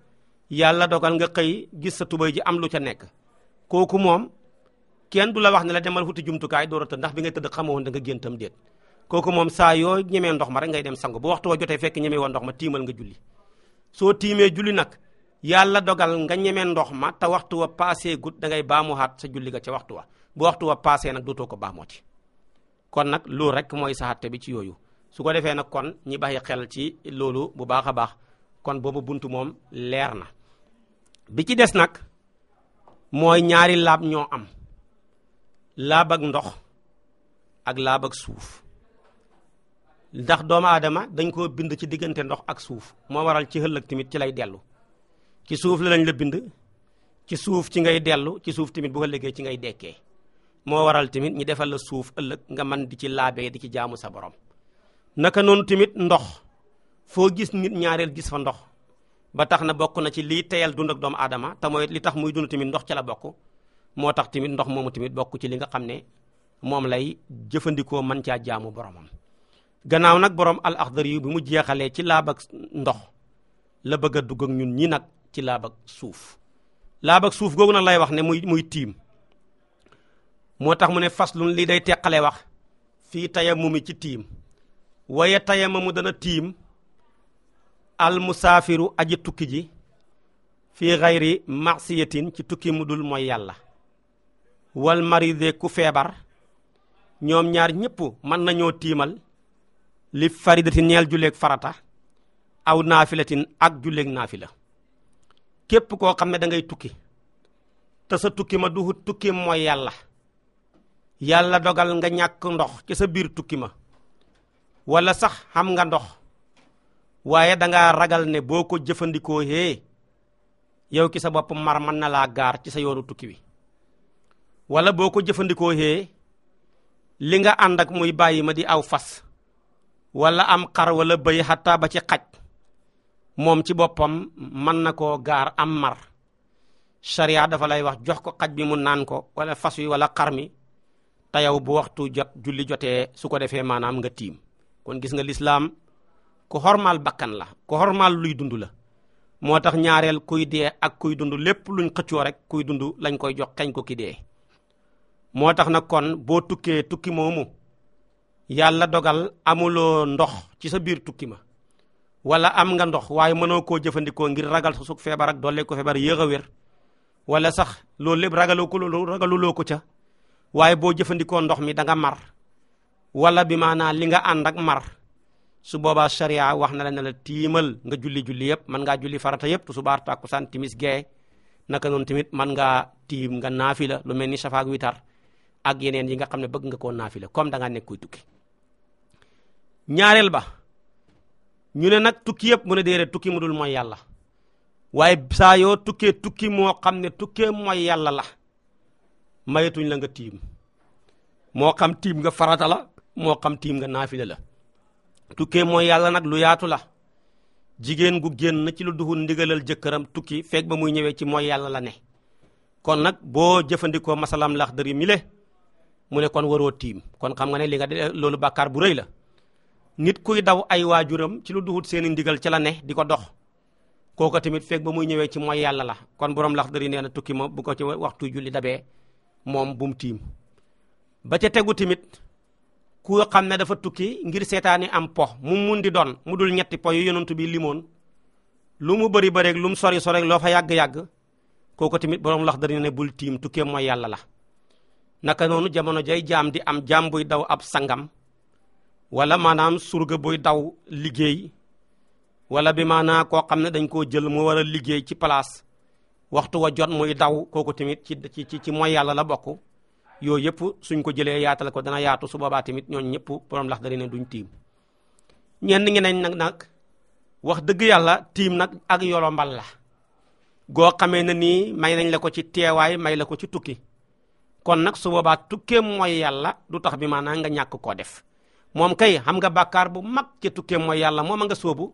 yàlla dogal nga xëy gis sa tubay ji am lu ca nekk kooku moom kenn du la wax ne la demal wuti jumtukaay door a tëdd ndax tëdd xamoon da nga géntam déet kooku moom saa yoo ñemee ndox ma rek ngay dem sangu bu waxtu wa jotee fekk ñemee woon ndox ma tiimal nga julli soo tiimee julli nag yàlla dogal nga ñemee ndox ma te waxtu wa passé gut da ngay baamuwaat sa julli ga ca waxtu wa bu waxtu wa passé nag dootoo ko baamooti kon nag loolu rek mooy saxatte bi ci yooyu su ko defee nag kon ñi bàyyi xel ci loolu bu baax a baax kon boobu buntu moom leer na bi ci des nag mooy ñaari laab ñoo am laab ak ndox ak laab ak suuf ndax doomu aadama dañ koo bind ci diggante ndox ak suuf moo waral ci ëllëg tamit ci lay dellu ci suuf la lañ la bind ci suuf ci ngay dellu ci suuf tamit bu ëllëgee ci ngay dekkee moo waral tamit ñi defal la suuf ëllëg nga man di ci laabee di ci jaamu sa borom naka noonu tamit ndox foo gis nit ñaareel gis fa ndox ba tax na bokk na ci lii teyal dund doomu aadama te mooy li tax muy dund tamit ndox ci la bokk moo tax tamit ndox moom tamit bokk ci li nga xam ne moom lay jëfandikoo man caa jaamu boromam gannaaw nag borom al axdari yu bi mu jeexalee ci laabak ndox la bëgg a ñun ñi nag ci laab suuf laab suuf googu nag lay wax ne muy muy tiim moo tax mu ne faslun lii day teqale wax fii tayamumi ci tiim waaye tayamamu dana tiim al musaafiru aji tukki ji fii xayri masiyatin ci tukki mu dul mooy yàlla wal maride ku feebar ñoom ñaar ñëpp mën nañoo tiimal li faridati ñeel julleeg farata aw naafilatin ak julleeg naafila képp koo xam ne dangay tukki te sa tukki ma du tukki mooy yàlla yàlla dogal nga ñàkk ndox ci sa biir tukki ma wala sax xam nga ndox waaye danga ragal ne boo ko jëfandikoo hee yow ki sa bopp mar mën na laa gaar ci sa yoonu tukki wi wala boo ko jëfandikoo hee li nga ànd ak muy bàyyi ma di aw fas wala am xar wala bëy xataa ba ci xaj moom ci boppam mën na koo gaar am mar charia dafa lay wax jox ko xaj bi mu naan ko wala fas wi wala xar mi te yow bu waxtu jot julli jotee su ko defee maanaam nga tiim kon gis nga lislaam ku xormaal bakkan la ku xormaal luy dund la moo tax ñaareel kuy dee ak kuy dund lépp luñ xëccoo rek kuy dund lañ koy jox kañ ko ki dee moo tax nag kon boo tukkee tukki moomu yàlla dogal amuloo ndox ci sa biir tukki ma walla am nga ndox waaye mënoo koo jëfandikoo ngir ragal sa suk feebar ak doole ko feebar yéex a wér wala sax loolu lépp ragaloo ko ragaluloo ko ca waaye boo jëfandikoo ndox mi danga nga mar wala bi maanaa li nga ànd ak mar su boobaa sharia wax na la ne la tiimal nga julli julli yëpp mën ngaa julli farata yëpp tusubaar takkusaan timis gee naka noonu tamit mën ngaa tiim nga naafila lu mel ni safaak witar ak yeneen yi nga xam ne bëgg nga koo naafila comme danga ngaa nekk kuy tukki ñaareel ba ñu ne nag tukki yëpp mu ne déedéet tukki mu dul mooy yàlla waaye saa yoo tukkee tukki moo xam ne tukkee mooy yàlla la mayetuñ la nga tiim moo xam tiim nga farata la moo xam tiim nga naafila la tukkee mooy yàlla nag lu yaatu la jigéen gu génn ci lu duhul ndigalal jëkkëram tukki feeg ba muy ñëwee ci mooy yàlla la ne kon nag boo jëfandikoo masalam lax dëri mile mu ne waroo tiim kon xam nga ne li nga loolu bàkkaar bu rëy la nit kuy daw ay waajuram ci lu duhut seeni ndigal ca la ne di ko dox kooka tamit feeg ba muy ñëwee ci mooy yàlla la kon borom lax dëri nee tukki ma bu ko ci waxtu julli dabee moom bum tiim ba ca tegu tamit ku xam ne dafa tukki ngir seetaani am po mu mun di doon mu dul ñetti po yu yonantu bi limoon lu mu bari bëreeg lu mu sori sori loo fa yàgg-yàgg kooku tamit borom lax dara ne bul tiim tukkee mooy yàlla la naka noonu jamono jay jaam di am jaam buy daw ab sangam wala maanaam surga buy daw liggéey wala bi maanaa koo xam ne dañ koo jël mu war a liggéey ci place waxtu wa jot muy daw kooku tamit ci ci ci mooy yàlla la bokk yooyu yëpp suñ ko jëlee yaatal ko dana yaatu su boobaa tamit ñooñu ñëpp borom lax dari ne duñ tiim ñenn ngi nañ nag nag wax dëgg yàlla tiim nag ak yolombal la goo xamee na nii may nañ la ko ci teewaay may la ko ci tukki kon nag su boobaa tukkeem mooy yàlla du tax bi ma maanaam nga ñàkk koo def moom kay xam nga bakkaar bu mag ci tukkeem mooy yàlla moom a nga sóobu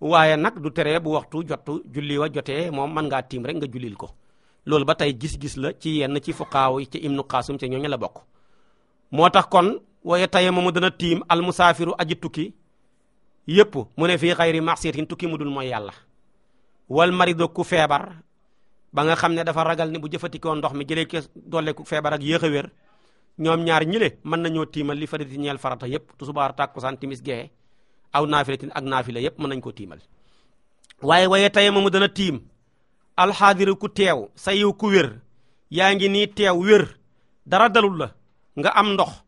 waaye nag du tere bu waxtu jotu julli wa jotee moom mën ngaa tiim rek nga jullil ko loolu ba tey gis-gis la ci yenn ci fuqaaw yi ci im qaasum ci ñooñu la bokk moo tax kon waaye taye moomu dana tiim almusaafiru aji tukki yépp mu ne fii xayri masiyatin tukki mu dul mooy yàlla wal marido ku feebar ba nga xam ne dafa ragal ne bu jëfatikoo ndox mi jëlee ko doole ku feebar ak yéex wer ñoom ñaar ñile mën nañoo tiimal li farati ñeel farata yépp tusubaar tàkkusaan timis gee aw naafilatin ak naafila yëpp mën nañ ko tiimal waaye waaye tey moomu dana tiim alxaadiru ku teew sa yiw ku wér yaa ngi ni teew wér dara dalul la nga am ndox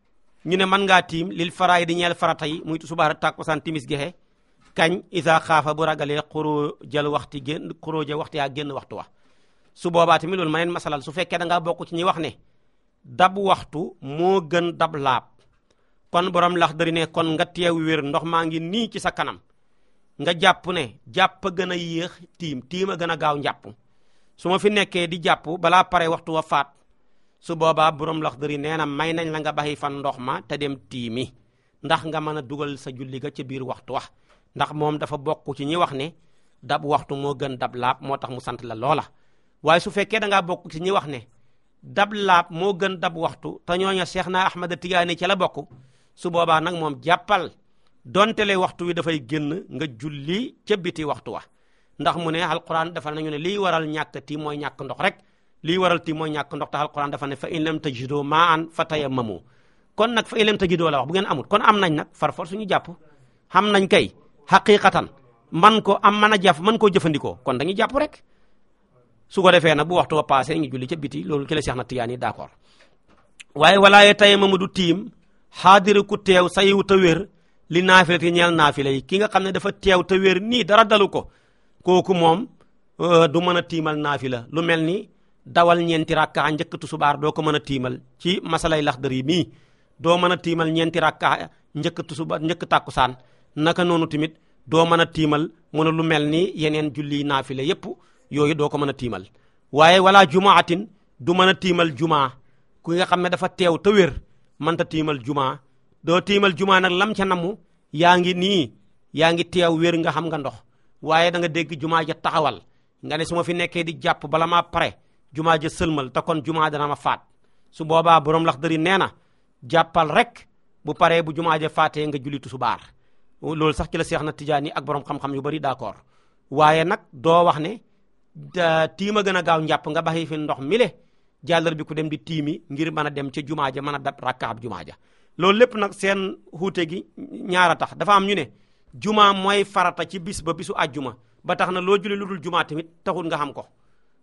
ñu ne mën ngaa tiim lil faraay di ñeel farata yi muy subaar takkusaan timis gexe kañ isa xaafa bu ragalee xuróojal waxti génn xuróoja waxti yaa génn waxtu wa su boobaa tamit loolu ma neen masalal su fekkee da ngaa bokk ci ñi wax ne dab waxtu moo gën dab laab kon borom Laxdari ne kon nga teew wér ndox maa ngi nii ci sa kanam nga jàpp ne jàpp a gën a yéex tiim tiim a gën a gaaw njàpp su ma fi nekkee di jàpp balaa pare waxtu wa faat su boobaa borom Laxdari nee na may nañ la nga baxi fan ndox ma te dem tiimi ndax nga mën a dugal sa julli ga ca biir waxtu wax ndax moom dafa bokk ci ñi wax ne dab waxtu moo gën dab laab moo tax mu sant la loola waaye su fekkee da ngaa bokk ci ñi wax ne dab laab moo gën dab waxtu te ñooña Seex naa Ahmada Tijaani ca la bokk su boobaa nag moom jàppal donte le waxtu wi dafay génn nga julli ca biti waxtu wa ndax mu ne alquran dafa nañu ne lii waral ñàkk ti mooy ñàkk ndox rek li waral ti mooy ñàkk ndox tax alquran dafa ne fa in lam tajidoo maa an fa tayammamu kon nag fa in lam tajidoo la wax bu ngeen amul kon am nañ nag far for suñu jàpp xam nañ kay xaqiqatan man ko am mën a jàpp mën koo jëfandikoo kon dañuy jàpp rek su ko defee nag bu waxtu wa passé ñu julli ca biti loolu ki la Seex na Tijaan yi d'accord waaye walaaye xaadira ku teew sayiw ta wér li naafile ti ñeel naafile ki nga xam ne dafa teew te wér nii dara dalu ko kooku moom euh, du mën a tiimal naafila lu mel ni dawal ñeenti rakkaa njëkkatu subaar doo ko mën a tiimal ci masalay laxdar yi mii doo mën a tiimal ñeenti rakkaa njëkkatu subaar njëkk tàkkusaan naka noonu tamit doo mën a tiimal mu ne lu mel ni yeneen julli naafile yépp yooyu doo ko mën a tiimal waaye wala jumaatin du mën a tiimal jumaa ku nga xam ne dafa teew te wer mënta tiimal jumaa doo tiimal jumaa nag lam ca namu yaa ngi nii yaa ngi teew wér nga xam nga ndox waaye da nga dégg jumaa ja taxawal nga ne su ma fi nekkee di jàpp bala maa pare jumaa ja sëlmal ta kon jumaa dana ma faat su boobaa borom Laxdari nee na jàppal rek bu paree bu jumaa ja faatee nga julli tisbaar loolu sax ci la seex na Tijaani ak borom xam-xam yu bari d'accord waaye nag doo wax ne tiima gën a gaaw njàpp nga baxi fi ndox mile jàllar bi ku dem di tiimi ngir mën a dem ca jumaa ja mën a dab rakkaab jumaa ja loolu lépp nag seen xuute gi ñaara tax dafa am ñu ne jumaa mooy farata ci bis ba bisu a juma ba tax na loo julli lu dul jumaa tamit taxul nga xam ko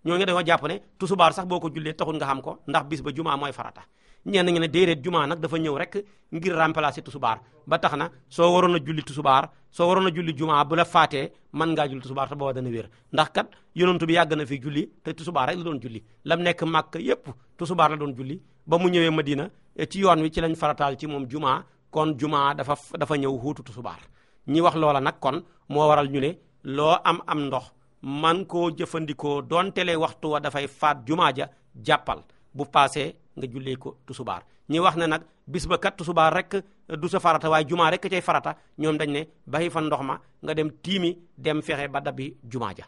ñoo nga dañoo jàpp ne tusubaar sax boo ko jullee taxul nga xam ko ndax bis ba jumaa mooy farata ñenn ñi ne déedéet jumaa nag dafa ñëw rek ngir remplacer tusubaar ba tax na soo waroon a julli tusubaar soo waroon a julli jumaa bu la faatee mën ngaa julli tusubaar te booba dana wér ndax kat yonentu bi yàgg na fi julli te tusubaar rek la doon julli lam nekk màkk yépp tusubaar la doon julli ba mu ñëwee Madina eh, ci yoon wi ci lañ farataal ci moom jumaa kon jumaa dafa dafa ñëw huutu tusubaar ñi wax loola nag kon moo waral ñu ne loo am am ndox man koo jëfandikoo doon tele waxtu dafay faat jumaa ja jàppal bu paasee nga jullee ko tusubaar ñi wax ne nag bis ba kat tusubaar rek eh, du sa farata waaye jumaa rek cay farata ñoom dañ ne bàyyi fa ndox ma nga dem tiimi dem fexe ba dabi jumaa ja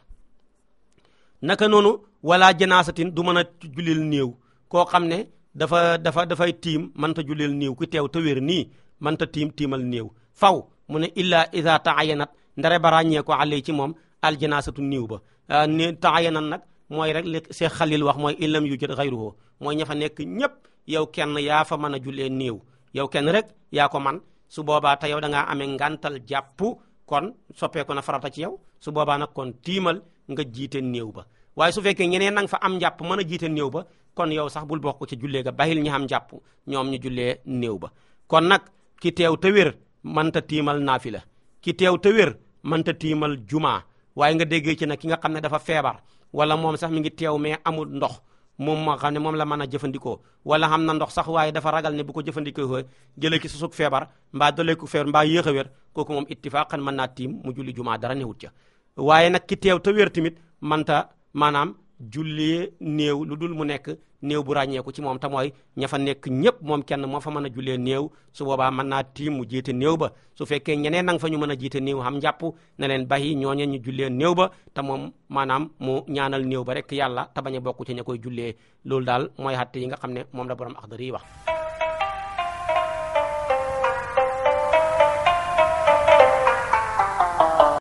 naka noonu wala janaasatin du mën a jullil néew koo xam ne dafa dafa dafay tiim mënta jullil néew ku teew ta wér nii mënta tiim tiimal néew faw mu ne illa iza taayanat ndare ba ràññee ko àllee ci moom aljanaasatu néew ba eh, ne taayanan nag mooy rek li se Khalil wax mooy illam yu jët xayruhu mooy ña fa nekk ñëpp yow kenn yaa fa mën a jullee néew yow kenn rek yaa ko man su boobaa te yow da ngaa amee ngantal jàpp kon soppeeku na farata ci yow su boobaa nag kon tiimal nga jiite néew ba waaye su fekkee ñeneen nang fa am njàpp mën a jiite néew ba kon yow sax bul bokk ci jullee ga bàyyil ñi am njàpp ñoom ñu jullee néew ba kon nag ki teew te wér mënta tiimal naafila ki teew te wér mënta tiimal jumaa waaye nga déggee ci nag ki nga xam ne dafa feebar wala moom sax mi ngi teew mais amul ndox moom moo xam ne moom la mën a jëfandikoo wala xam na ndox sax waaye dafa ragal ne bu ko jëfandikoo jëlee ki susug feebar mbaa dolee ko feebar mbaa yéex a wér kooku moom ittifaaqan mën naa tiim mu julli jumaa dara newut ca waaye nag ki teew te wér tamit manta maanaam jullee néew lu dul mu nekk néew bu ràññeeku ci moom te mooy ña fa nekk ñëpp moom kenn moo fa mën a jullee néew su boobaa mën naa tiim mu jiite néew ba su fekkee ñeneen nang fa ñu mën a jiite néew xam njàpp na leen bàyyi ñooñu ñu jullee néew ba te moom maanaam mu ñaanal néew ba rek yàlla te bañ a bokk ci ña koy jullee loolu daal mooy xatte yi nga xam ne moom la borom Axdari yi wax